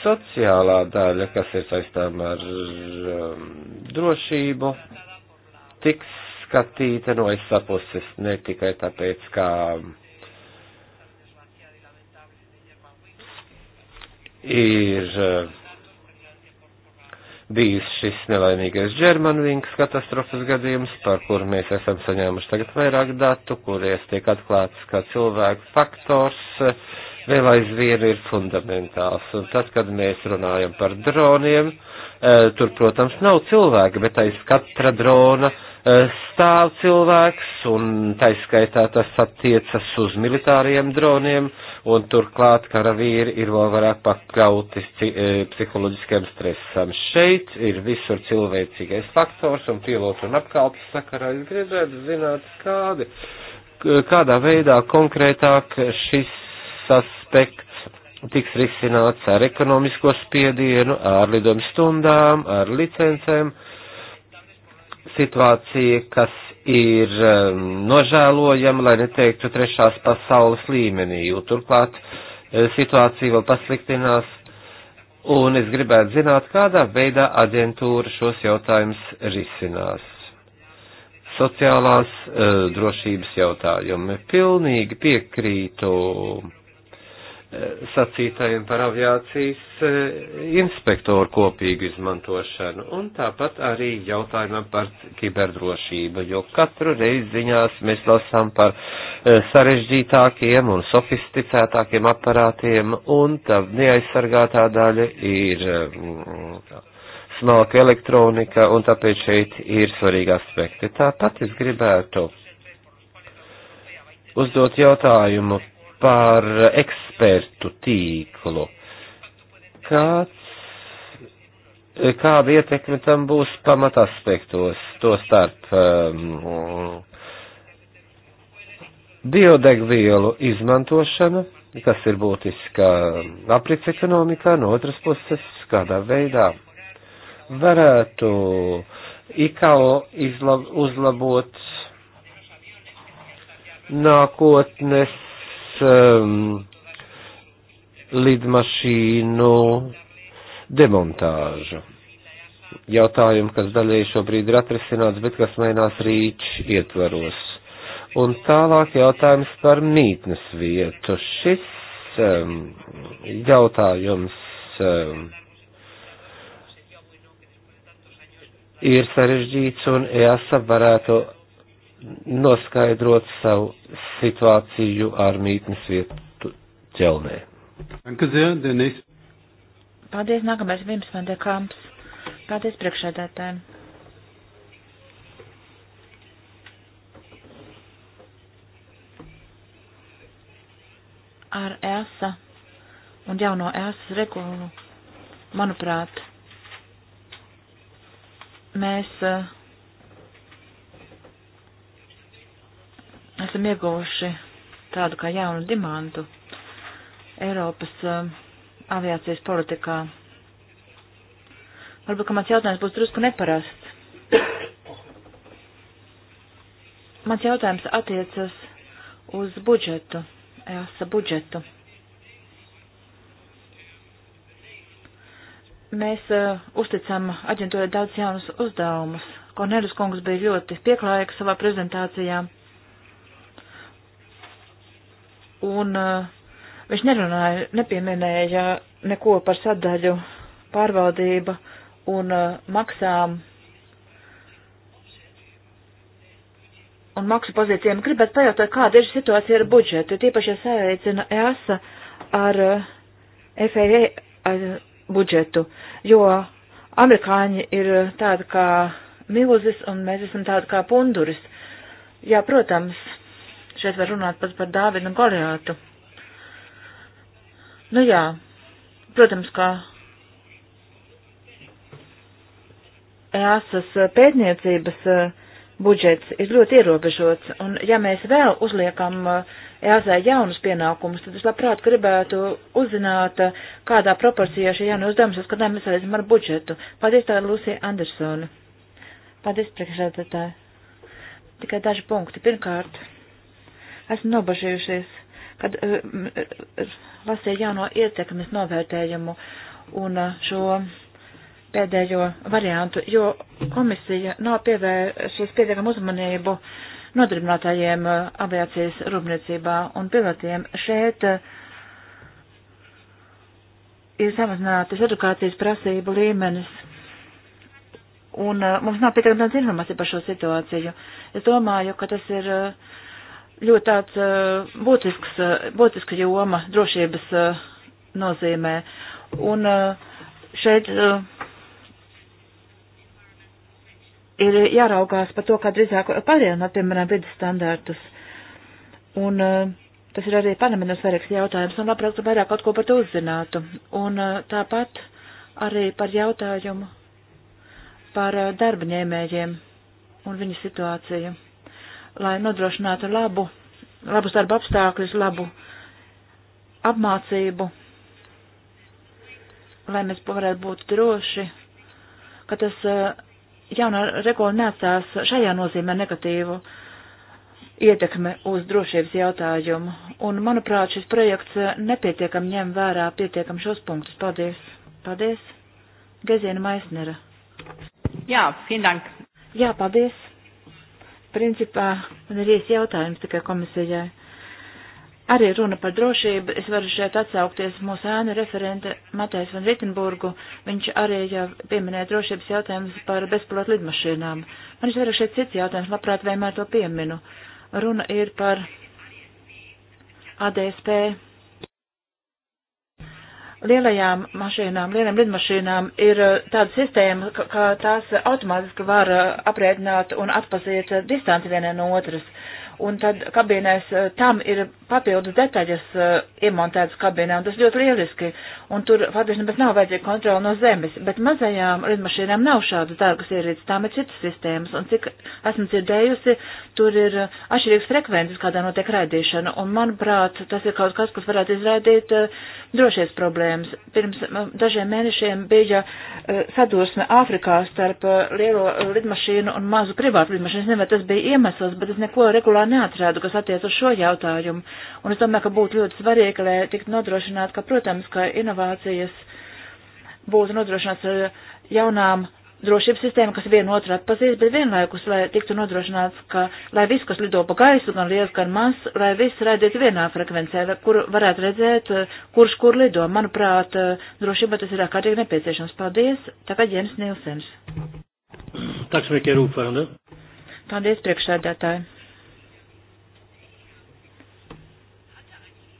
Sociālā daļa, kas ir saistām ar um, drošību, tiks skatīta no es sapuses ne tikai tāpēc, kā ir uh, bijis šis nelaimīgais Džermanvings katastrofas gadījums, par kuru mēs esam saņēmuši tagad vairāk datu, kuries tiek atklāts, ka cilvēku faktors vēl aizvien ir fundamentāls. Un tad, kad mēs runājam par droniem, eh, tur, protams, nav cilvēki, bet aiz katra drona eh, stāv cilvēks, un taiskaitā tas attiecas uz militāriem droniem, un turklāt karavīri ir vēl vairāk pakļauti eh, psiholoģiskiem stresam. Šeit ir visur cilvēcīgais faktors, un pilotu un apkalpes sakarā es gribētu zināt, kādi, kādā veidā konkrētāk šis aspekts tiks risināts ar ekonomisko spiedienu, ar lidojumu stundām, ar licencēm. Situācija, kas ir um, nožēlojama, lai neteiktu trešās pasaules līmenī, jo turklāt uh, situācija vēl pasliktinās. Un es gribētu zināt, kādā veidā aģentūra šos jautājumus risinās sociālās uh, drošības jautājumi. Pilnīgi piekrītu sacītajiem par aviācijas eh, inspektoru kopīgu izmantošanu un tāpat arī jautājumam par kiberdrošību, jo katru reizi ziņās mēs lasām par eh, sarežģītākiem un sofisticētākiem aparātiem un tā neaizsargātā daļa ir mm, smalka elektronika un tāpēc šeit ir svarīgi aspekti. Tāpat es gribētu uzdot jautājumu par ekspertu tīklu. Kāds, kāda ietekme tam būs pamataspektos, to starp um, biodegvielu izmantošana, kas ir būtiska aprits ekonomikā, no otras puses, kādā veidā varētu IKO izlab, uzlabot nākotnes um, lidmašīnu demontāžu. Jautājumu, kas daļēji šobrīd ir atrisināts, bet kas mainās rīču ietvaros. Un tālāk jautājums par mītnes vietu. Šis um, jautājums um, ir sarežģīts un EASA varētu noskaidrot savu situāciju ar mītnes vietu ķelnē. Paldies, nākamais Vims van de Kamps. Paldies priekšēdētājiem. Ar ESA un jauno ESA regulu, manuprāt, mēs uh, esam ieguvuši tādu kā jaunu dimantu Eiropas uh, aviācijas politikā. Varbūt, ka mans jautājums būs drusku neparasts. Mans jautājums attiecas uz budžetu, EASA budžetu. Mēs uh, uzticam aģentūrai daudz jaunus uzdevumus. Kornelis kungs bija ļoti pieklājīgs savā prezentācijā. un uh, viņš nerunāja, nepieminēja neko par sadaļu pārvaldība un uh, maksām un maksu pozīcijām. Gribētu pajautāt, kāda ir situācija ar budžetu, tīpaši, ja saveicina EASA ar uh, eh, FAA ar budžetu, jo amerikāņi ir tādi kā milzis un mēs esam tādi kā punduris. Jā, protams, Šeit var runāt pat par Dāvidu un Goliātu. Nu jā, protams, kā EASAS pētniecības uh, budžets ir ļoti ierobežots, un ja mēs vēl uzliekam uh, EASA jaunus pienākumus, tad es labprāt gribētu uzzināt, uh, kādā proporcijā šie jaunie uzdevumi saskatām mēs redzam ar budžetu. Paldies tā Lūsija Andersona. Paldies priekšsēdētāji. Tikai daži punkti. Pirmkārt. Esmu nobažījušies, kad eh, eh, lasīju jauno ietekmes novērtējumu un eh, šo pēdējo variantu, jo komisija nav pievēršies pietiekam uzmanību nodarbinātājiem aviācijas rūpniecībā un pilotiem. Šeit ir samazinātas edukācijas prasību līmenis. Un mums nav pietiekami daudz informācija par šo situāciju. Es domāju, ka tas ir uh, ļoti tāds uh, būtisks, uh, būtiska joma drošības uh, nozīmē. Un uh, šeit uh, ir jāraugās par to, kā drīzāk palielināt, piemēram, vidas standārtus. Un uh, tas ir arī parlamentam svarīgs jautājums, un labprāt, vairāk kaut ko par to uzzinātu. Un uh, tāpat arī par jautājumu par uh, darba ņēmējiem un viņu situāciju lai nodrošinātu labu, labus darba apstākļus, labu apmācību, lai mēs varētu būt droši, ka tas eh, jaunā regula neatstās šajā nozīmē negatīvu ietekme uz drošības jautājumu, un, manuprāt, šis projekts eh, nepietiekam ņem vērā pietiekam šos punktus. Paldies! Paldies! Geziena Maisnera. Jā, vielen dank! Jā, paldies! Principā man ir īsi jautājums tikai komisijai. Arī runa par drošību. Es varu šeit atsaukties mūsu ēnu referente Matēs van Ritenburgu. Viņš arī jau pieminēja drošības jautājumus par bezpilotu lidmašīnām. Man ir vairāk šeit cits jautājums, labprāt vienmēr to pieminu. Runa ir par ADSP lielajām mašīnām, lieliem lidmašīnām ir eh, tāda sistēma, ka, ka tās automātiski var eh, aprēķināt un atpazīt eh, distanci vienai no otras. Un tad kabīnēs tam ir papildus detaļas uh, iemontētas kabīnē, un tas ļoti lieliski, un tur faktiski nemaz nav vajadzīga kontrola no zemes, bet mazajām lidmašīnām nav šādas dārgas ierīces, tām ir citas sistēmas, un cik esmu dzirdējusi, tur ir eh, atšķirīgas frekvences, kādā notiek raidīšana, un manuprāt, tas ir kaut kas, kas varētu izraidīt uh, drošies problēmas. Pirms uh, dažiem mēnešiem bija sadursme Āfrikā starp lielo lidmašīnu un mazu privātu lidmašīnu, es nezinu, vai tas bija iemesls, bet es neko regulāri neatrādu, kas attiec uz šo jautājumu. Un es domāju, ka būtu ļoti svarīgi, lai tiktu nodrošināt, ka, protams, ka inovācijas būtu nodrošināts ar eh, jaunām drošības sistēma, kas vienu otru atpazīst, bet vienlaikus, lai tiktu nodrošināts, ka, lai viss, kas lido pa gaisu, gan liels, gan mazs, lai viss raidītu vienā frekvencē, kur varētu redzēt, eh, kurš kur lido. Manuprāt, eh, drošība tas ir ārkārtīgi nepieciešams. Paldies. Tagad Jens Nilsens. Tāks vēl ir rūpēna. Paldies, priekšsēdētāji.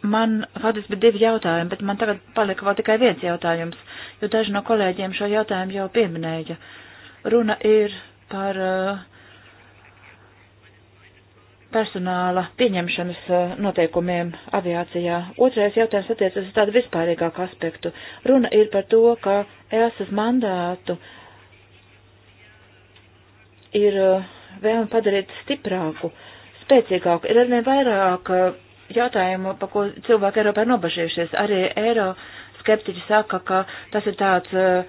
man rodas bija divi jautājumi, bet man tagad palika vēl tikai viens jautājums, jo daži no kolēģiem šo jautājumu jau pieminēja. Runa ir par eh, personāla pieņemšanas eh, noteikumiem aviācijā. Otrais jautājums attiecas uz tādu vispārīgāku aspektu. Runa ir par to, ka EASAS mandātu ir eh, vēlme padarīt stiprāku, spēcīgāku. Ir arvien vairāk uh, jautājumu, pa ko cilvēki Eiropā ir nobažījušies. Arī eiro skeptiķi saka, ka tas ir tāds, eh,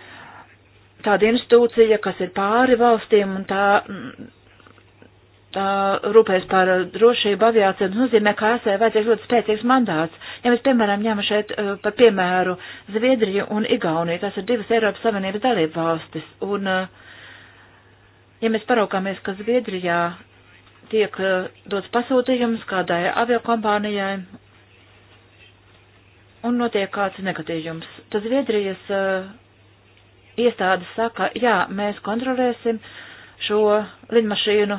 tāda institūcija, kas ir pāri valstīm un tā, tā rūpēs par drošību aviācijā. Tas nozīmē, ka ASV vajadzīgs ļoti spēcīgs mandāts. Ja mēs, piemēram, ņemam šeit eh, par piemēru Zviedriju un Igauniju, tas ir divas Eiropas Savienības dalība valstis. Un, eh, ja mēs paraugāmies, ka Zviedrijā tiek eh, dots pasūtījums kādai aviokompānijai un notiek kāds negadījums. Tad Zviedrijas uh, iestādes saka, jā, mēs kontrolēsim šo lidmašīnu,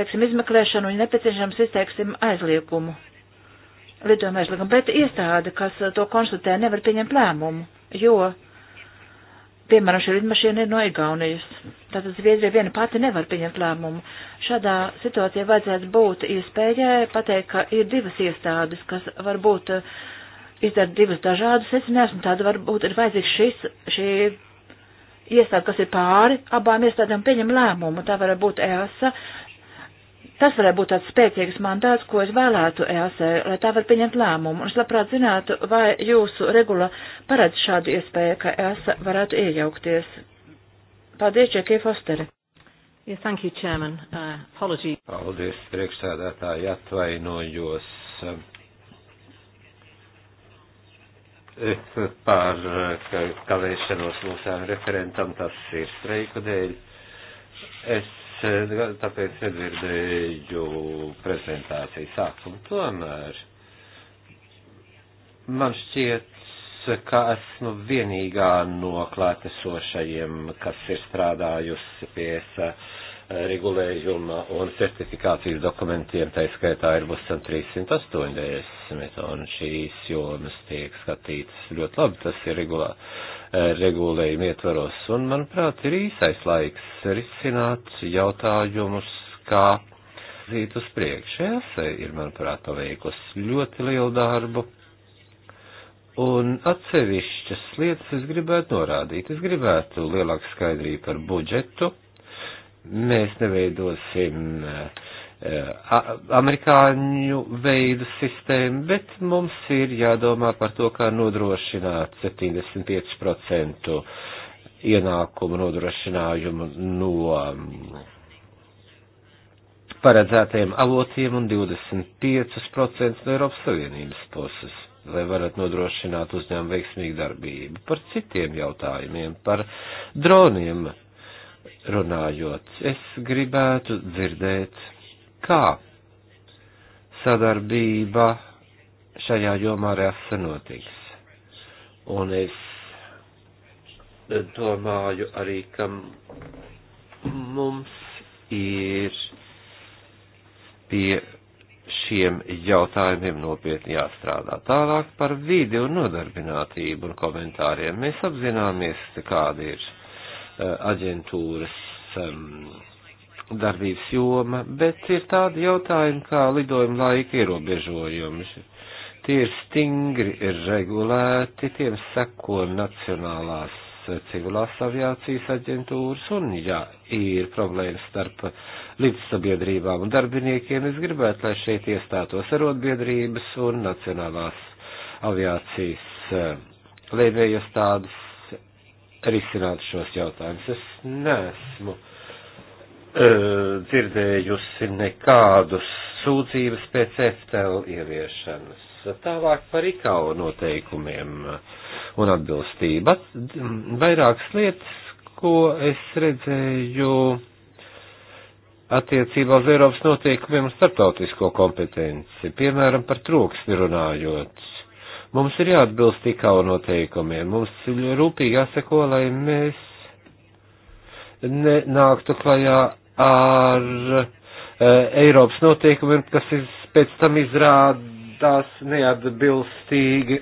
veiksim izmeklēšanu un nepieciešams izteiksim aizliegumu. Lidojuma aizliegumu, bet iestāde, kas to konstatē, nevar pieņemt lēmumu, jo Piemēram, šī lidmašīna ir no Igaunijas. Tātad Zviedrija viena pati nevar pieņemt lēmumu. Šādā situācijā vajadzētu būt iespējai pateikt, ka ir divas iestādes, kas varbūt eh, izdara divas dažādas secinājumus, un tāda varbūt ir vajadzīgs šis, šī iestāde, kas ir pāri, abām iestādēm pieņem lēmumu. Tā var būt EASA, Tas varētu būt tāds spēcīgs mandāts, ko es vēlētu EASE, lai tā var pieņemt lēmumu. Un es labprāt zinātu, vai jūsu regula paredz šādu iespēju, ka EASE varētu iejaukties. Paldies, Čekie Fosteri. Yes, thank you, Chairman. Uh, apology. Paldies, priekšsēdētāji, atvainojos. Par kavēšanos mūsu referentam tas ir streiku dēļ. Es tāpēc nedzirdēju prezentāciju sākumu. Tomēr man šķiet, ka esmu vienīgā no klātesošajiem, kas ir strādājusi pie ESA regulējuma un certifikācijas dokumentiem, tā skaitā ir busam 380, un šīs jomas tiek skatītas ļoti labi, tas ir regulā, eh, regulējuma ietvaros, un manuprāt ir īsais laiks risināt jautājumus, kā zīt uz priekšu. ESA ir, manuprāt, paveikusi ļoti lielu darbu. Un atsevišķas lietas es gribētu norādīt. Es gribētu lielāku skaidrību par budžetu, mēs neveidosim eh, amerikāņu veidu sistēmu, bet mums ir jādomā par to, kā nodrošināt 75% ienākumu nodrošinājumu no mm, paredzētajiem avotiem un 25% no Eiropas Savienības puses, lai varat nodrošināt uzņēmumu veiksmīgu darbību. Par citiem jautājumiem, par droniem runājot. Es gribētu dzirdēt, kā sadarbība šajā jomā arī asanotiks. Un es domāju arī, ka mums ir pie šiem jautājumiem nopietni jāstrādā. Tālāk par vidi un nodarbinātību un komentāriem. Mēs apzināmies, kāda ir Eh, aģentūras darbības joma, bet ir tādi jautājumi kā lidojuma laika ierobežojumi. Tie ir stingri ir regulēti, tiem seko nacionālās civilās aviācijas aģentūras, un ja ir problēmas starp līdzsabiedrībām un darbiniekiem, es gribētu, lai šeit iestātos arotbiedrības un nacionālās aviācijas eh, lēmējas tādas risināt šos jautājumus. Es nesmu uh, e, dzirdējusi nekādus sūdzības pēc FTL ieviešanas. Tālāk par IKAU noteikumiem un atbilstību. Vairākas lietas, ko es redzēju attiecībā uz Eiropas noteikumiem un starptautisko kompetenci, piemēram, par troksni runājot Mums ir jāatbilst tikau noteikumiem, mums rūpīgi jāseko, lai mēs nenāktu klajā ar uh, Eiropas noteikumiem, kas iz, pēc tam izrādās neatbilstīgi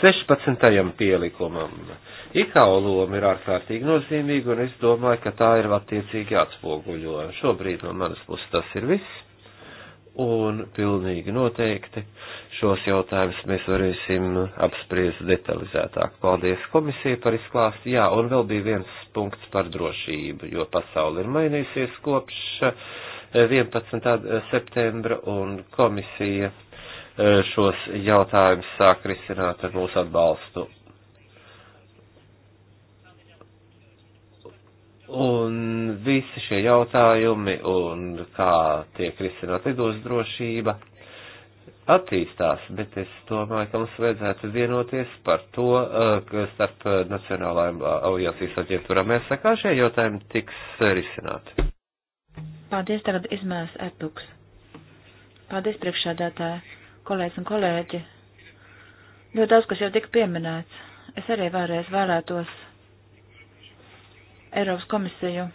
16. pielikumam. IKO loma ir ārkārtīgi nozīmīga, un es domāju, ka tā ir attiecīgi atspoguļo. Šobrīd no manas puses tas ir viss un pilnīgi noteikti šos jautājumus mēs varēsim apspriest detalizētāk. Paldies komisija par izklāstu. Jā, un vēl bija viens punkts par drošību, jo pasauli ir mainījusies kopš 11. Eh, eh, septembra un komisija eh, šos jautājumus sāk risināt ar mūsu atbalstu Un visi šie jautājumi un kā tiek risināt lidos drošība attīstās, bet es domāju, ka mums vajadzētu vienoties par to eh, starp Nacionālajām aviācijas aģentūrām. Mēs sakā šie jautājumi tiks risināti. Paldies, tagad izmērs etuks. Paldies, priekšādātāji, kolēģis un kolēģi. Ļoti daudz, kas jau tika pieminēts. Es arī vēlreiz vēlētos Eiropas komisiju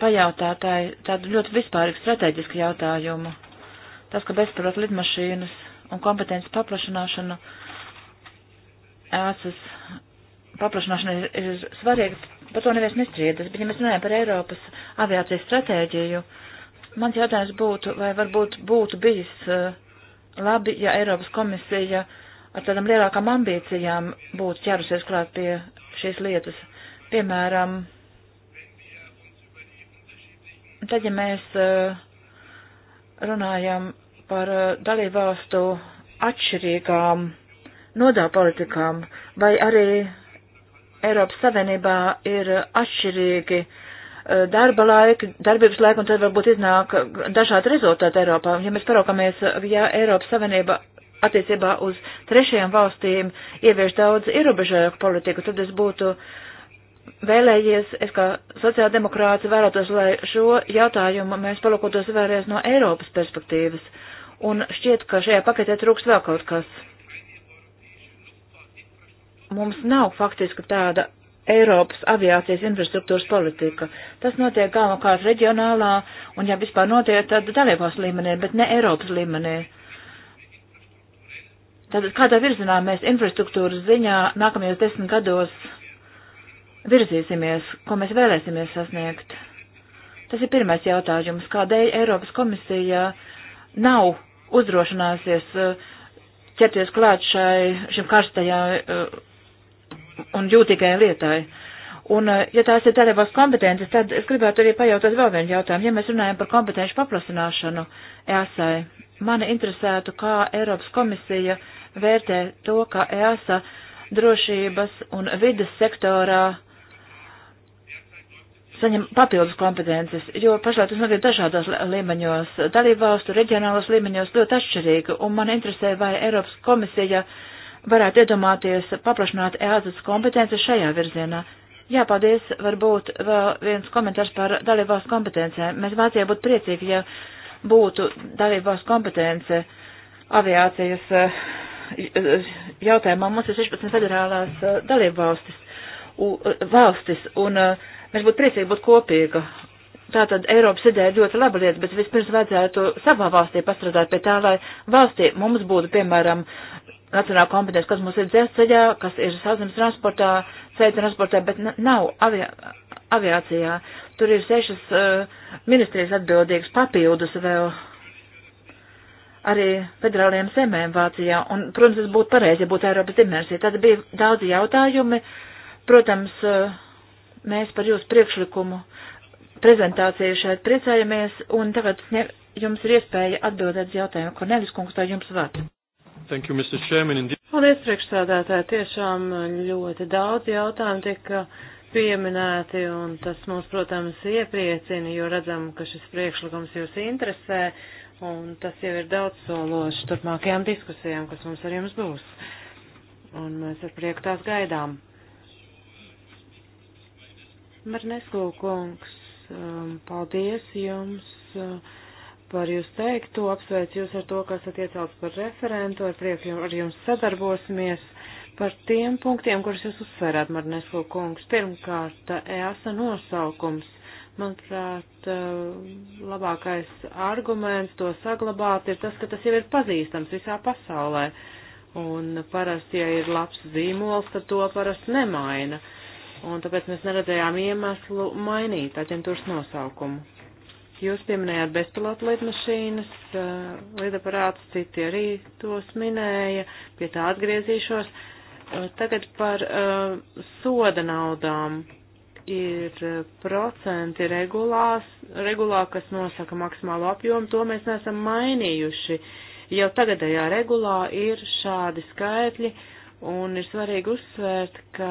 pajautātāji tādu ļoti vispārīgu strateģisku jautājumu. Tas, ka bezpilota lidmašīnas un kompetences paplašināšana ēsas paplašināšana ir, ir svarīga, par to neviens nestriedas, bet ja mēs runājam par Eiropas aviācijas stratēģiju, mans jautājums būtu, vai varbūt būtu bijis eh, labi, ja Eiropas komisija ar tādām lielākām ambīcijām būtu ķerusies klāt pie šīs lietas. Piemēram, tad, ja mēs eh, runājam par eh, dalībvalstu atšķirīgām nodā politikām, vai arī Eiropas Savienībā ir atšķirīgi eh, darba laika, darbības laika, un tad varbūt iznāk dažādi rezultāti Eiropā. Ja mēs paraukamies, ja Eiropas Savienība attiecībā uz trešajām valstīm ievieš daudz ierobežojumu politiku, tad es būtu vēlējies, es kā sociāldemokrāts vēlētos, lai šo jautājumu mēs palūkotos vēlreiz no Eiropas perspektīvas. Un šķiet, ka šajā paketē trūkst vēl kaut kas. Mums nav faktiski tāda Eiropas aviācijas infrastruktūras politika. Tas notiek galvenokārt reģionālā un, ja vispār notiek, tad dalībās līmenī, bet ne Eiropas līmenī. Tātad kādā virzienā mēs infrastruktūras ziņā nākamajos desmit gados virzīsimies, ko mēs vēlēsimies sasniegt? Tas ir pirmais jautājums, kādēļ Eiropas komisija nav uzdrošināsies eh, ķerties klāt šai, šim karstajai eh, un jūtīgajai lietai. Un, eh, ja tās ir tādās kompetences, tad es gribētu arī pajautāt vēl vienu jautājumu. Ja mēs runājam par kompetenci paprasināšanu ESAI, mani interesētu, kā Eiropas komisija uh, vērtē to, ka EASA drošības un vidas sektorā saņem papildus kompetences, jo pašlaik tas notiek dažādos līmeņos, dalībvalstu, reģionālos līmeņos ļoti atšķirīgi, un man interesē, vai Eiropas komisija varētu iedomāties paplašināt EASAS kompetences šajā virzienā. Jā, paldies. Varbūt vēl viens komentārs par dalībvalstu kompetencēm. Mēs Vācijā būtu priecīgi, ja būtu dalībvalstu kompetence aviācijas eh, jautājumā mums ir 16 federālās eh, dalību valstis, u, eh, valstis un eh, mēs būtu priecīgi būt kopīga. Tātad Eiropas ideja ir ļoti laba lieta, bet vispirms vajadzētu savā valstī pastrādāt pie tā, lai valstī mums būtu, piemēram, nacionāla kompetence, kas mums ir dzelzceļā, kas ir sauszemes transportā, ceļu transportā, bet nav avi aviācijā. Tur ir sešas uh, ministrijas atbildīgas papildus vēl arī federāliem zemēm Vācijā, un, protams, tas būtu pareizi, ja būtu Eiropas dimensija. Tad bija daudzi jautājumi, protams, eh, mēs par jūsu priekšlikumu prezentāciju šeit priecājamies, un tagad jums ir iespēja atbildēt uz jautājumu, ko nevis kungs, tā jums vārds. Thank you, Mr. Chairman. Paldies, priekšsādātāji. Tiešām ļoti daudz jautājumu tika pieminēti, un tas mūs, protams, iepriecina, jo redzam, ka šis priekšlikums jūs interesē, un tas jau ir daudz sološi turpmākajām diskusijām, kas mums ar jums būs. Un mēs ar prieku tās gaidām. Marnesko kungs, um, paldies jums uh, par jūs teikto, apsveicu jūs ar to, ka esat iecelts par referentu, ar prieku ar jums sadarbosimies par tiem punktiem, kurus jūs uzsvērāt, Marnesko kungs. Pirmkārt, EASA nosaukums Manuprāt, eh, labākais arguments to saglabāt ir tas, ka tas jau ir pazīstams visā pasaulē. Un parasti, ja ir labs zīmols, tad to parasti nemaina. Un tāpēc mēs neredzējām iemeslu mainīt aģentūras nosaukumu. Jūs pieminējāt bezpilotu lidmašīnas, eh, lidaparātus, citi arī tos minēja, pie tā atgriezīšos. Eh, tagad par soda naudām ir eh, procenti regulās, regulā, kas nosaka maksimālo apjomu, to mēs neesam mainījuši. Jau tagadējā regulā ir šādi skaitļi, un ir svarīgi uzsvērt, ka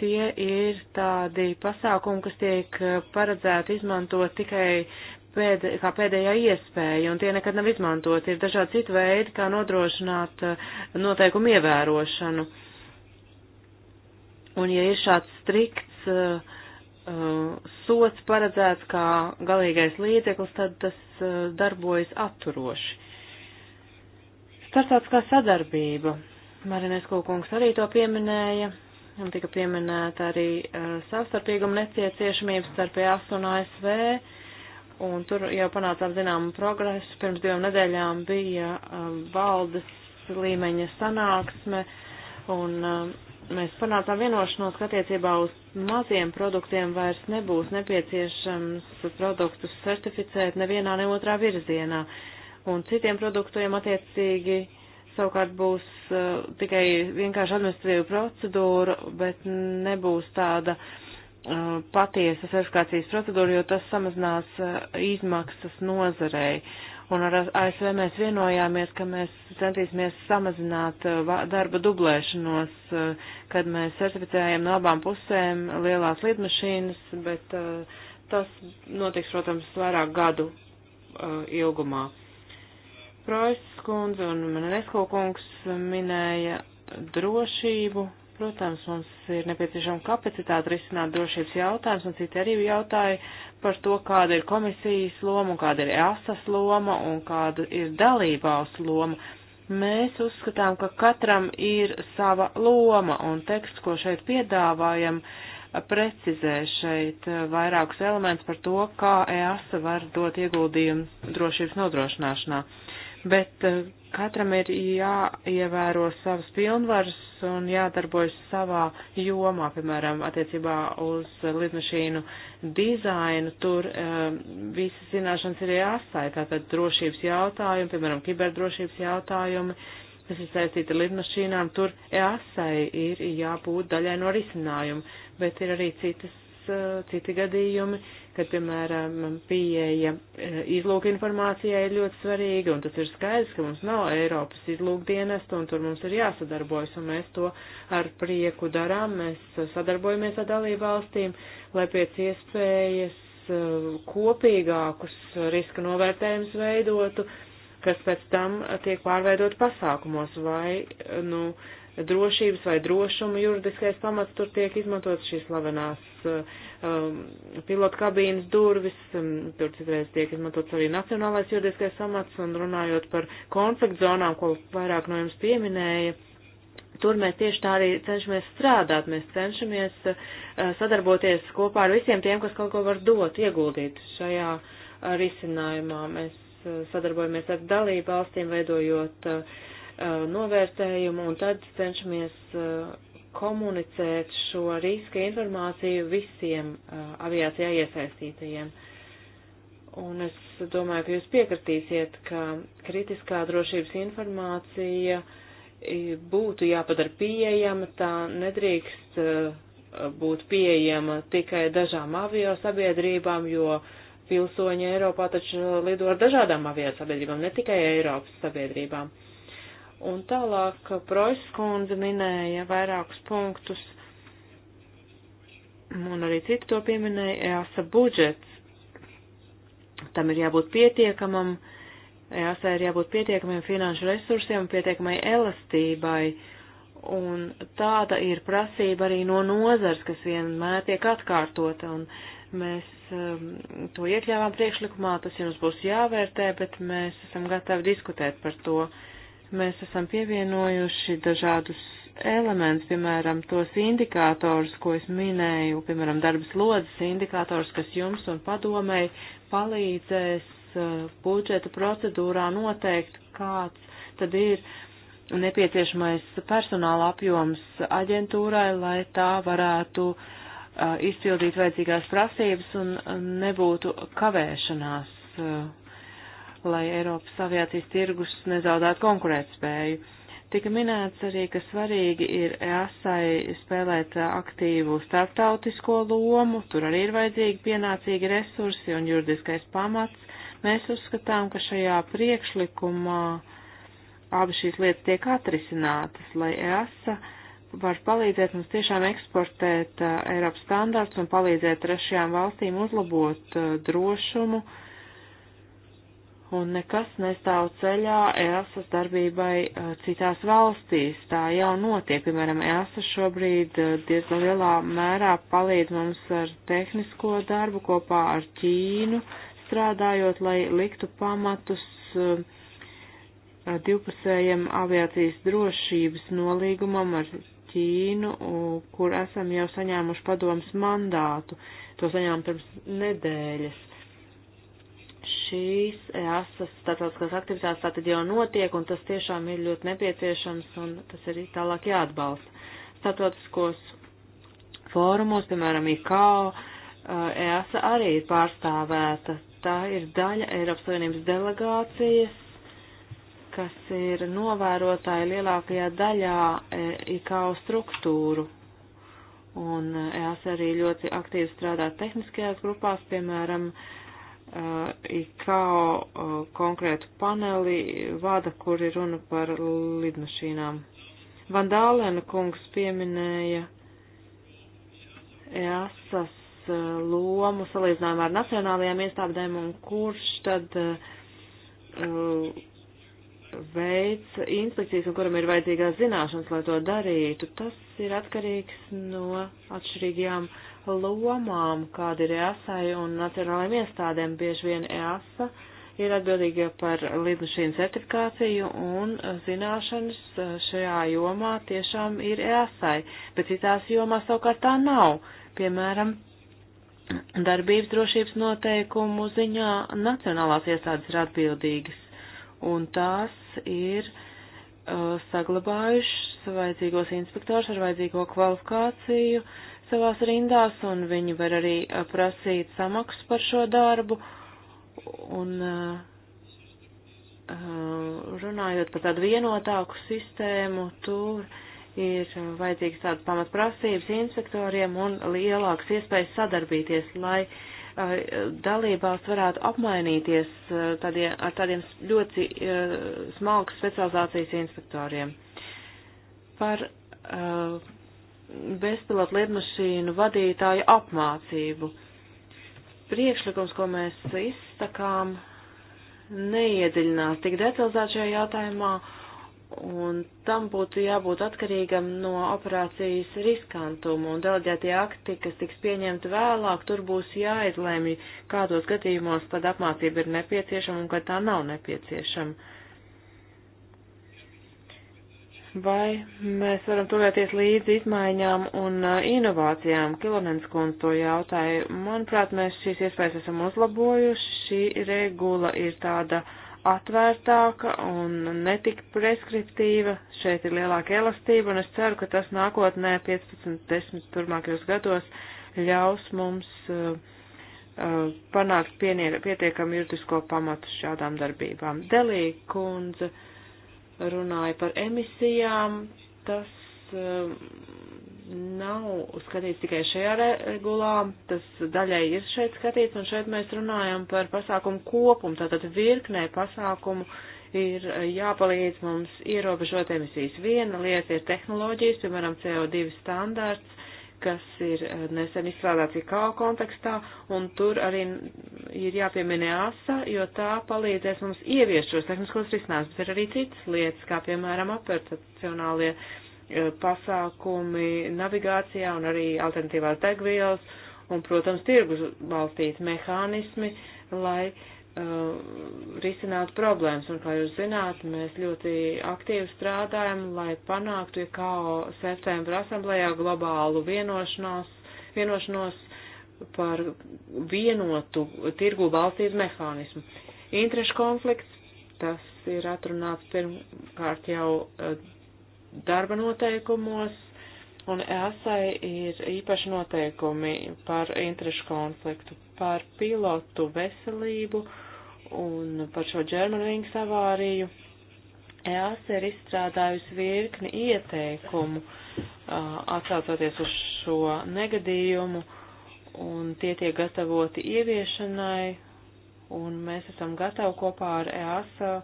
tie ir tādi pasākumi, kas tiek eh, paredzēti izmantot tikai pēd, kā pēdējā iespēja, un tie nekad nav izmantoti. Ir dažādi citi veidi, kā nodrošināt eh, noteikumu ievērošanu. Un ja ir šāds strikts uh, uh, sots paredzēts kā galīgais līdzeklis, tad tas uh, darbojas atturoši. Startautiskā sadarbība. Marinesko kungs arī to pieminēja. Un tika pieminēta arī uh, savstarpīguma necieciešamības starp EAS un ASV. Un tur jau panācām zināmu progresu. Pirms divām nedēļām bija uh, valdes līmeņa sanāksme. Un uh, mēs panācām vienošanos, ka attiecībā uz maziem produktiem vairs nebūs nepieciešams produktus certificēt nevienā ne otrā virzienā. Un citiem produktiem attiecīgi savukārt būs uh, tikai vienkārši administratīva procedūra, bet nebūs tāda uh, patiesa certifikācijas procedūra, jo tas samazinās uh, izmaksas nozarei. Uh, un ar ASV mēs vienojāmies, ka mēs centīsimies samazināt uh, darba dublēšanos, uh, kad mēs certificējam no abām pusēm lielās lidmašīnas, bet uh, tas notiks, protams, vairāk gadu ilgumā. Projas kundze un Manesko kungs minēja drošību Protams, mums ir nepieciešama kapacitāte risināt drošības jautājumus, un citi arī jautāja par to, kāda ir komisijas loma, un kāda ir ASAS loma, un kāda ir dalībvalsts loma. Mēs uzskatām, ka katram ir sava loma, un teksts, ko šeit piedāvājam, precizē šeit vairākus elementus par to, kā EASA var dot ieguldījumu drošības nodrošināšanā. Uh, bet eh, katram ir jāievēro savas pilnvaras un jādarbojas savā jomā, piemēram, attiecībā uz lidmašīnu dizainu, tur um, visas zināšanas ir jāsai, tātad drošības jautājumi, piemēram, kiberdrošības jautājumi, kas ir saistīti ar lidmašīnām, tur EASAI ir jābūt daļai no risinājuma, bet ir arī citas Eh, citi gadījumi, kad, piemēram, pieeja eh, izlūka informācijai ir ļoti svarīga, un tas ir skaidrs, ka mums nav Eiropas izlūkdienesta, un tur mums ir jāsadarbojas, un mēs to ar prieku darām, mēs eh, sadarbojamies ar dalību valstīm, lai pēc iespējas kopīgākus riska novērtējumus veidotu, kas pēc tam tiek pārveidot pasākumos vai, nu, uh, drošības vai drošuma juridiskais pamats tur tiek izmantots šīs slavenās um, pilotu kabīnes durvis, um, tur citreiz tiek izmantots arī nacionālais juridiskais pamats, un runājot par konflikt zonām, ko vairāk no jums pieminēja, tur mēs tieši tā arī cenšamies strādāt, mēs cenšamies uh, sadarboties kopā ar visiem tiem, kas kaut ko var dot, ieguldīt šajā uh, risinājumā. Mēs uh, sadarbojamies ar dalību valstīm, veidojot uh, Uh, novērtējumu un tad cenšamies uh, komunicēt šo riska informāciju visiem uh, aviācijā iesaistītajiem. Un es domāju, ka jūs piekritīsiet, ka kritiskā drošības informācija būtu jāpadara pieejama, tā nedrīkst būt pieejama tikai dažām avio sabiedrībām, jo pilsoņi Eiropā taču lido ar dažādām avio sabiedrībām, ne tikai Eiropas sabiedrībām. Un tālāk eh, Projas kundze minēja vairākus punktus, un arī citi to pieminēja, EASA budžets. Tam ir jābūt pietiekamam, EASA ir jābūt pietiekamiem finanšu resursiem, pietiekamai elastībai, un tāda ir prasība arī no nozars, kas vienmēr tiek atkārtota, un mēs um, to iekļāvām priekšlikumā, tas jums būs jāvērtē, bet mēs esam gatavi diskutēt par to. Uh, Mēs esam pievienojuši dažādus elements, piemēram, tos indikātors, ko es minēju, piemēram, darbas lodzes indikātors, kas jums un padomēji palīdzēs uh, budžeta procedūrā noteikt, kāds tad ir nepieciešamais personāla apjoms aģentūrai, lai tā varētu uh, izpildīt vajadzīgās prasības un uh, nebūtu kavēšanās uh, lai Eiropas aviācijas tirgus nezaudētu konkurētspēju. Tika minēts arī, ka svarīgi ir EASAI spēlēt aktīvu starptautisko lomu, tur arī ir vajadzīgi pienācīgi resursi un juridiskais pamats. Mēs uzskatām, ka šajā priekšlikumā abi šīs lietas tiek atrisinātas, lai EASA var palīdzēt mums tiešām eksportēt uh, Eiropas standarts un palīdzēt trešajām valstīm uzlabot uh, drošumu. Uh, un nekas nestāv ceļā EASAS darbībai eh, citās valstīs. Tā jau notiek, piemēram, EASAS šobrīd eh, diezgan lielā mērā palīdz mums ar tehnisko darbu kopā ar Ķīnu, strādājot, lai liktu pamatus eh, divpusējiem aviācijas drošības nolīgumam ar Ķīnu, kur esam jau saņēmuši padomas mandātu. To saņēmām pirms nedēļas šīs EASAS starptautiskās aktivitātes tātad jau notiek, un tas tiešām ir ļoti nepieciešams, un tas arī tālāk jāatbalsta. Starptautiskos fórumos, piemēram, IKO, eh, EASA arī ir pārstāvēta. Tā ir daļa Eiropas Savienības delegācijas, kas ir novērotāji lielākajā daļā eh, IKO struktūru. Un eh, EASA arī ļoti aktīvi strādā tehniskajās grupās, piemēram, uh, Uh, IKO uh, konkrētu paneli vada, kur ir runa par lidmašīnām. Vandālēna kungs pieminēja EASAS uh, lomu salīdzinājumā ar nacionālajām iestādēm un kurš tad uh, veids inspekcijas un kuram ir vajadzīgās zināšanas, lai to darītu. Tas ir atkarīgs no atšķirīgajām uh, lomām, kāda ir EASAI un nacionālajiem iestādēm. Bieži vien EASA ir atbildīga par lidmašīnu certifikāciju un zināšanas eh, šajā jomā tiešām ir EASAI, bet citās jomās savukārt tā nav. Piemēram, darbības drošības noteikumu ziņā nacionālās iestādes ir atbildīgas, un tās ir uh, saglabājušas vajadzīgos inspektors ar vajadzīgo kvalifikāciju, uh, savās rindās, un viņi var arī prasīt samaksu par šo darbu. Un runājot par tādu vienotāku sistēmu, tur ir vajadzīgs tādas pamatprasības inspektoriem un lielāks iespējas sadarbīties, lai dalībvalsts varētu apmainīties tādiem, ar tādiem ļoti smalkas specializācijas inspektoriem. Par uh, bezpilotu lidmašīnu vadītāju apmācību. Priekšlikums, ko mēs izsakām, neiedziļinās tik detalizēt šajā jautājumā, un tam būtu jābūt atkarīgam no operācijas riskantuma, un delģētie akti, kas tiks pieņemti vēlāk, tur būs jāizlēmj, kādos gadījumos tad apmācība ir nepieciešama un kad tā nav nepieciešama. Vai mēs varam turēties līdzi izmaiņām un uh, inovācijām? Kilonens kundze to jautāja. Manuprāt, mēs šīs iespējas esam uzlabojuši. Šī regula ir tāda atvērtāka un netik preskriptīva. Šeit ir lielāka elastība, un es ceru, ka tas nākotnē 15, 10 turmākajos gados ļaus mums uh, uh, panākt pietiekamu juridisko pamatu šādām darbībām. Delī kundze. Uh, runāja par emisijām, tas um, nav skatīts tikai šajā regulā, tas daļai ir šeit skatīts, un šeit mēs runājam par pasākumu kopumu, tātad virknē pasākumu ir jāpalīdz mums ierobežot emisijas. Viena lieta ir tehnoloģijas, piemēram, CO2 standārts, kas ir eh, nesen izstrādāts IKO kontekstā, un tur arī ir jāpiemina ASA, jo tā palīdzēs mums ieviest šos tehniskos risinājumus, bet ir arī citas lietas, kā piemēram operacionālie eh, pasākumi navigācijā un arī alternatīvās degvielas, un, protams, tirgus balstīti mehānismi, lai uh, uh, risināt problēmas. Un, kā jūs zināt, mēs ļoti aktīvi strādājam, lai panāktu IKO septembra asamblējā globālu vienošanos, vienošanos par vienotu tirgu balstītu mehānismu. Interešu konflikts, tas ir atrunāts pirmkārt jau uh, darba noteikumos, un ESAI ir īpaši noteikumi par interešu konfliktu, par pilotu veselību Un par šo Germanwings avāriju EAS e ir izstrādājusi virkni ieteikumu, atsaucoties uz šo negadījumu, un tie tiek gatavoti ieviešanai, un mēs esam gatavi kopā ar EAS e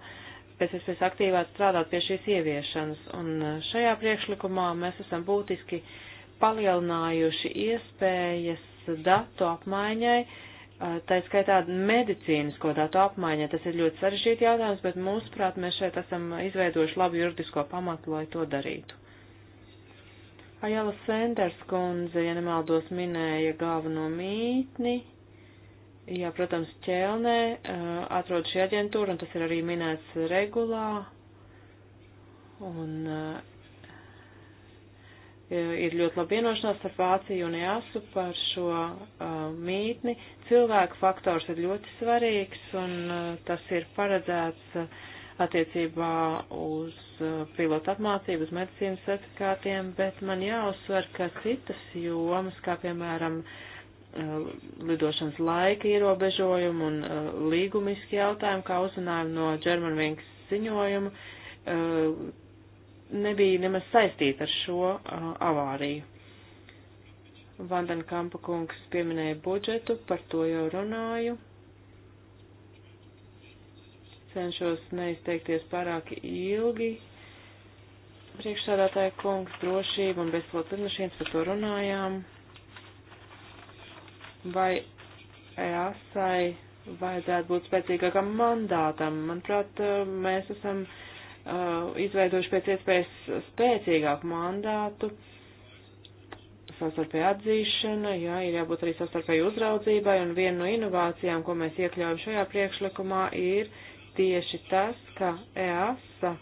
pēc iespējas aktīvāk strādāt pie šīs ieviešanas. Un šajā priekšlikumā mēs esam būtiski palielinājuši iespējas datu apmaiņai, uh, Eh, tā skaitā medicīnisko datu apmaiņa, tas ir ļoti sarežģīti jautājums, bet mūsuprāt mēs šeit esam izveidojuši labu juridisko pamatu, lai to darītu. Ajala Sanders kundze, ja nemaldos, minēja galveno mītni. Jā, protams, ķelnē eh, atrod šī aģentūra, un tas ir arī minēts regulā. Un eh, ir ļoti labi vienošanās ar Vāciju un EASU par šo uh, mītni. Cilvēku faktors ir ļoti svarīgs un uh, tas ir paredzēts uh, attiecībā uz uh, pilotu apmācību, uz medicīnas certifikātiem, bet man jāuzsver, ka citas jomas, kā piemēram uh, lidošanas laika ierobežojumi un uh, līgumiski jautājumi, kā uzzinājumi no Germanwings ziņojuma, uh, nebija nemaz saistīta ar šo uh, avāriju. Vandana Kampa kungs pieminēja budžetu, par to jau runāju. Cenšos neizteikties pārāk ilgi. Priekšsādātāja kungs, drošība un bezpilots lidmašīnas, par to runājām. Vai EASAI vajadzētu būt spēcīgākam mandātam? Manuprāt, uh, mēs esam uh, Uh, izveidojuši pēc iespējas spēcīgāku mandātu, savstarpēja atzīšana, jā, ir jābūt arī savstarpēja uzraudzībai, un viena no inovācijām, ko mēs iekļaujam šajā priekšlikumā, ir tieši tas, ka EASA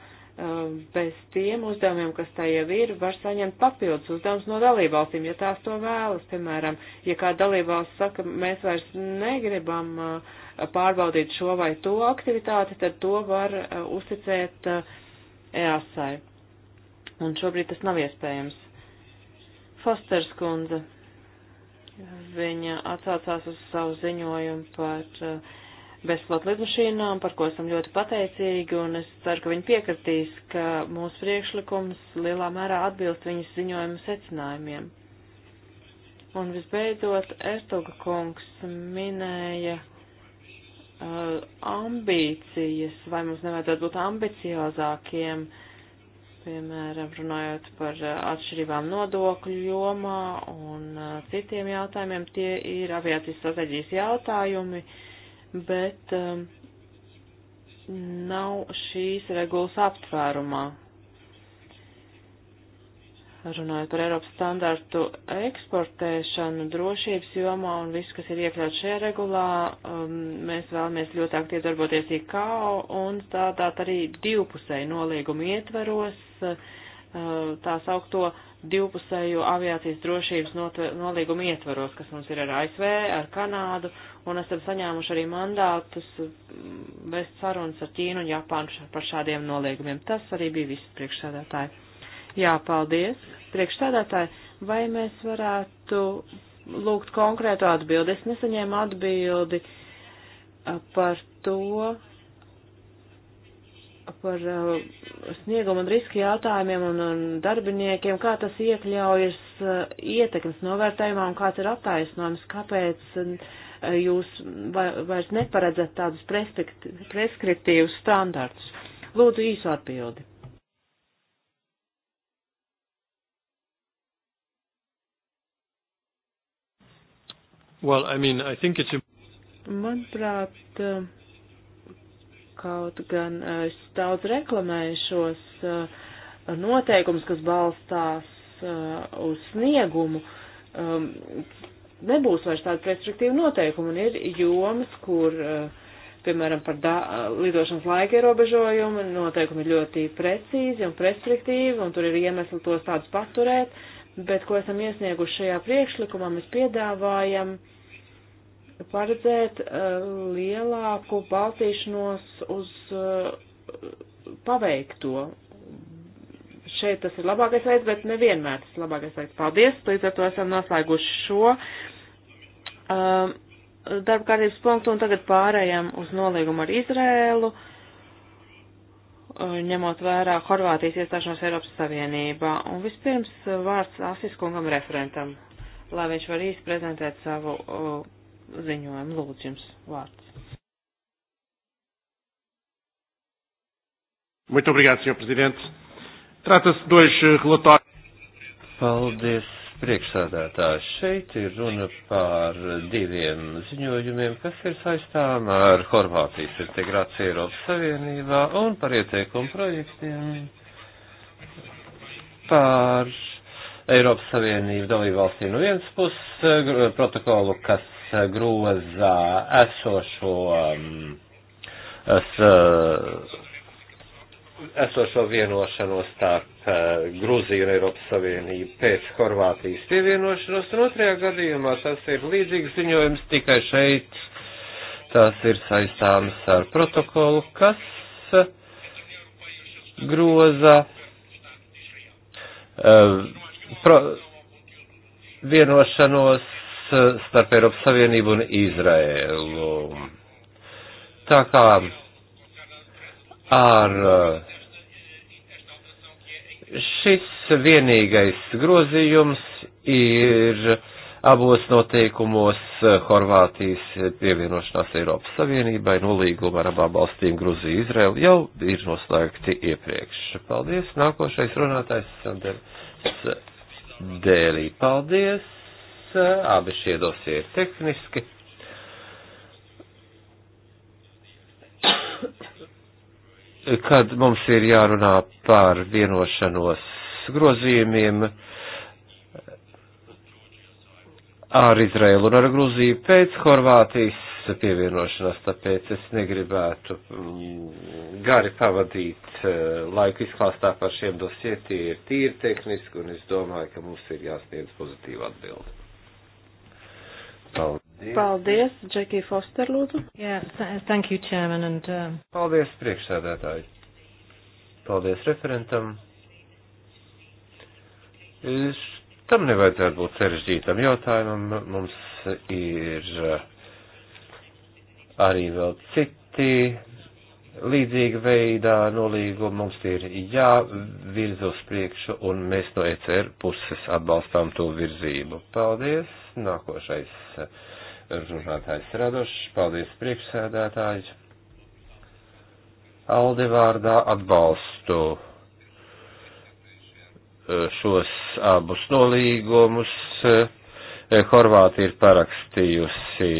Um, bez tiem uzdevumiem, kas tā jau ir, var saņemt papildus uzdevumus no dalībvalstīm, ja tās to vēlas. Piemēram, ja kāda dalībvalsts saka, mēs vairs negribam uh, pārbaudīt šo vai to aktivitāti, tad to var uh, uzticēt uh, EASai. Un šobrīd tas nav iespējams. Fosters kundze. Viņa atsācās uz savu ziņojumu par uh, bezpilota lidmašīnām, par ko esam ļoti pateicīgi, un es ceru, ka viņi piekritīs, ka mūsu priekšlikums lielā mērā atbilst viņas ziņojuma secinājumiem. Un visbeidzot, Ertoga kungs minēja uh, ambīcijas, vai mums nevajadzētu būt ambiciozākiem, piemēram, runājot par uh, atšķirībām nodokļu jomā un uh, citiem jautājumiem. Tie ir aviācijas strateģijas jautājumi. Uh, bet um, nav šīs regulas aptvērumā. Runājot par Eiropas standartu eksportēšanu drošības jomā un viss, kas ir iekļauts šajā regulā, um, mēs vēlamies ļoti aktīvi darboties IKO un strādāt arī divpusēju noliegumu ietveros, uh, tā saukto divpusēju aviācijas drošības noliegumu ietveros, kas mums ir ar ASV, ar Kanādu un esam saņēmuši arī mandātus mm, vēst sarunas ar Ķīnu un Japānu par šādiem noliegumiem. Tas arī bija viss priekšsēdētāji. Jā, paldies. Priekšsēdētāji, vai mēs varētu lūgt konkrētu atbildi? Es nesaņēmu atbildi par to, par uh, sniegumu un riska jautājumiem un, un darbiniekiem, kā tas iekļaujas uh, ietekmes novērtējumā un kāds ir attaisnojums, kāpēc Eh, jūs vairs neparedzat tādus preskriptīvus standartus? Lūdzu īsu atbildi. Well, I mean, I think it's Manuprāt, eh, kaut gan es daudz reklamēju šos eh, noteikumus, kas balstās uz sniegumu, nebūs vairs tādas restriktīva noteikuma un ir jomas, kur, eh, piemēram, par da, lidošanas laika ierobežojumu noteikumi ir ļoti precīzi un restriktīvi un tur ir iemesli tos tādus paturēt, bet ko esam iesnieguši šajā priekšlikumā, mēs piedāvājam paredzēt uh, lielāku balstīšanos uz uh, paveikto. Šeit tas ir labākais veids, bet nevienmēr tas ir labākais veids. Paldies, līdz ar to esam noslēguši šo um, darba kārtības punktu un tagad pārējām uz nolīgumu ar Izrēlu, uh, ņemot vērā Horvātijas iestāšanos Eiropas Savienībā. Un vispirms uh, vārds Asis kungam referentam, lai viņš var īsti prezentēt savu uh, ziņojumu. Lūdzu jums vārds. Muito obrigado, Sr. Presidente. Trata-se de dois eh, relatórios. Paldies, priekšsādātājs. Šeit ir runa par diviem ziņojumiem, kas ir saistām ar Horvātijas integrāciju Eiropas Savienībā un par ieteikumu projektiem par Eiropas Savienību dalību valstīm no vienas puses protokolu, kas groza esošo um, es, uh, esošo vienošanos starp eh, Grūziju un Eiropas Savienību pēc Horvātijas pievienošanos, un otrajā gadījumā tas ir līdzīgs ziņojums tikai šeit. Tas ir saistāms ar protokolu, kas eh, groza eh, pro, vienošanos starp Eiropas Savienību un Izraēlu. Tā kā ar eh, šis vienīgais grozījums ir abos noteikumos Horvātijas pievienošanās Eiropas Savienībai nolīguma ar abām valstīm Gruziju Izraeli jau ir noslēgti iepriekš. Paldies. Nākošais runātājs Sanders Dēlī. Paldies. Abi šie dosie ir tehniski kad mums ir jārunā par vienošanos grozījumiem ar Izraēlu un ar Gruziju pēc Horvātijas pievienošanās, tāpēc es negribētu mm, gari pavadīt eh, laiku izklāstā par šiem dosie, tie ir tīri tehniski, un es domāju, ka mums ir jāsniedz pozitīva atbilde. Paldies. Paldies, Džekija Foster, lūdzu. Yeah, thank you, Chairman, and, uh... Paldies, priekšsēdētāji. Paldies referentam. Es tam nevajadzētu būt sarežģītam jautājumam. Mums ir uh, arī vēl citi līdzīga veidā nolīgumi mums ir jāvirza uz priekšu, un mēs no ECR puses atbalstām to virzību. Paldies! Nākošais uh, runātājs Radošs, paldies priekšsēdētājs. Aldi vārdā atbalstu e, šos abus nolīgumus. E, Horvātija ir parakstījusi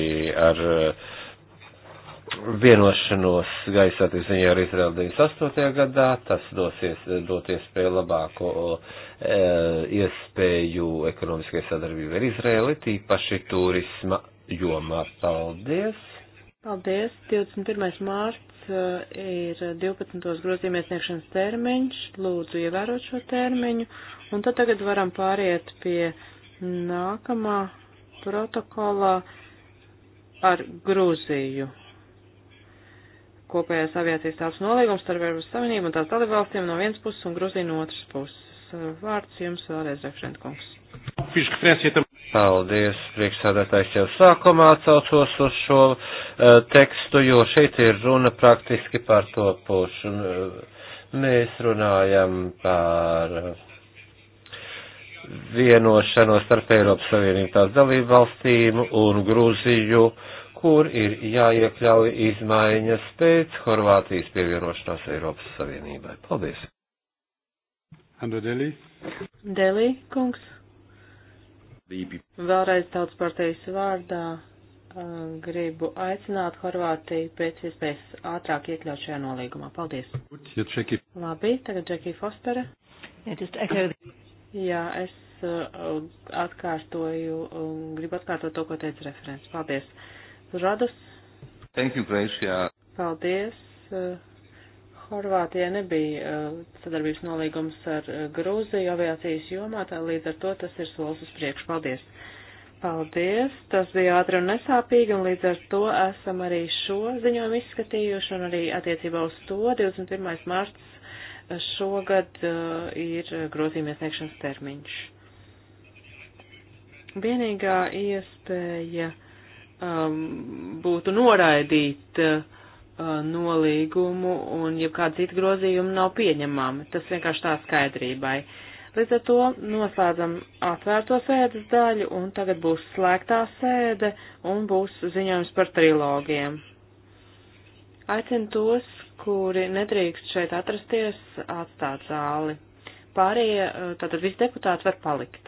ar e, vienošanos gaisa attīstībā ar Izraelu 98. gadā. Tas dosies, doties pie labāko e, iespēju ekonomiskai sadarbībai ar Izraeli, tīpaši turisma jomā. Paldies! Paldies! 21. mārts uh, ir 12. grozījuma iesniegšanas termiņš. Lūdzu ievērot šo termiņu. Un tad tagad varam pāriet pie nākamā protokolā ar Grūziju. Kopējais aviācijas tāds nolīgums starp Eiropas Savienību un tās dalībvalstīm no vienas puses un Grūziju no otras puses. Vārds jums vēlreiz, referentkungs. Paldies, priekšsādātājs jau sākumā atsaucos uz šo uh, tekstu, jo šeit ir runa praktiski par to pušu. Eh, mēs runājam par vienošanos starp Eiropas Savienību tās dalību valstīm un Grūziju, kur ir jāiekļauj izmaiņas pēc Horvātijas pievienošanās Eiropas Savienībai. Paldies! Andu Delī. Delī, kungs. Vēlreiz tautas partijas vārdā uh, gribu aicināt Horvātiju pēc iespējas ātrāk iekļaut šajā nolīgumā. Paldies. Labi, tagad Džekija Fostera. Jā, es uh, atkārtoju, gribu atkārtot to, ko teica referents. Paldies. Radus. Thank you, Gracia. Paldies. Uh, Horvātijai nebija uh, sadarbības nolīgums ar uh, Grūziju aviācijas jomā, tā līdz ar to tas ir solis uz priekšu. Paldies! Paldies! Tas bija ātri un nesāpīgi, un līdz ar to esam arī šo ziņojumu izskatījuši, un arī attiecībā uz to 21. marts šogad uh, ir grozījuma iesniegšanas termiņš. Vienīgā iespēja um, būtu noraidīt uh, Uh, nolīgumu un jebkāda cita grozījuma nav pieņemama. Tas vienkārši tā skaidrībai. Līdz ar to noslēdzam atvērto sēdes daļu un tagad būs slēgtā sēde un būs ziņojums par trilogiem. Aicinu tos, kuri nedrīkst šeit atrasties, atstāt zāli. Pārējie, uh, tātad visi deputāti var palikt.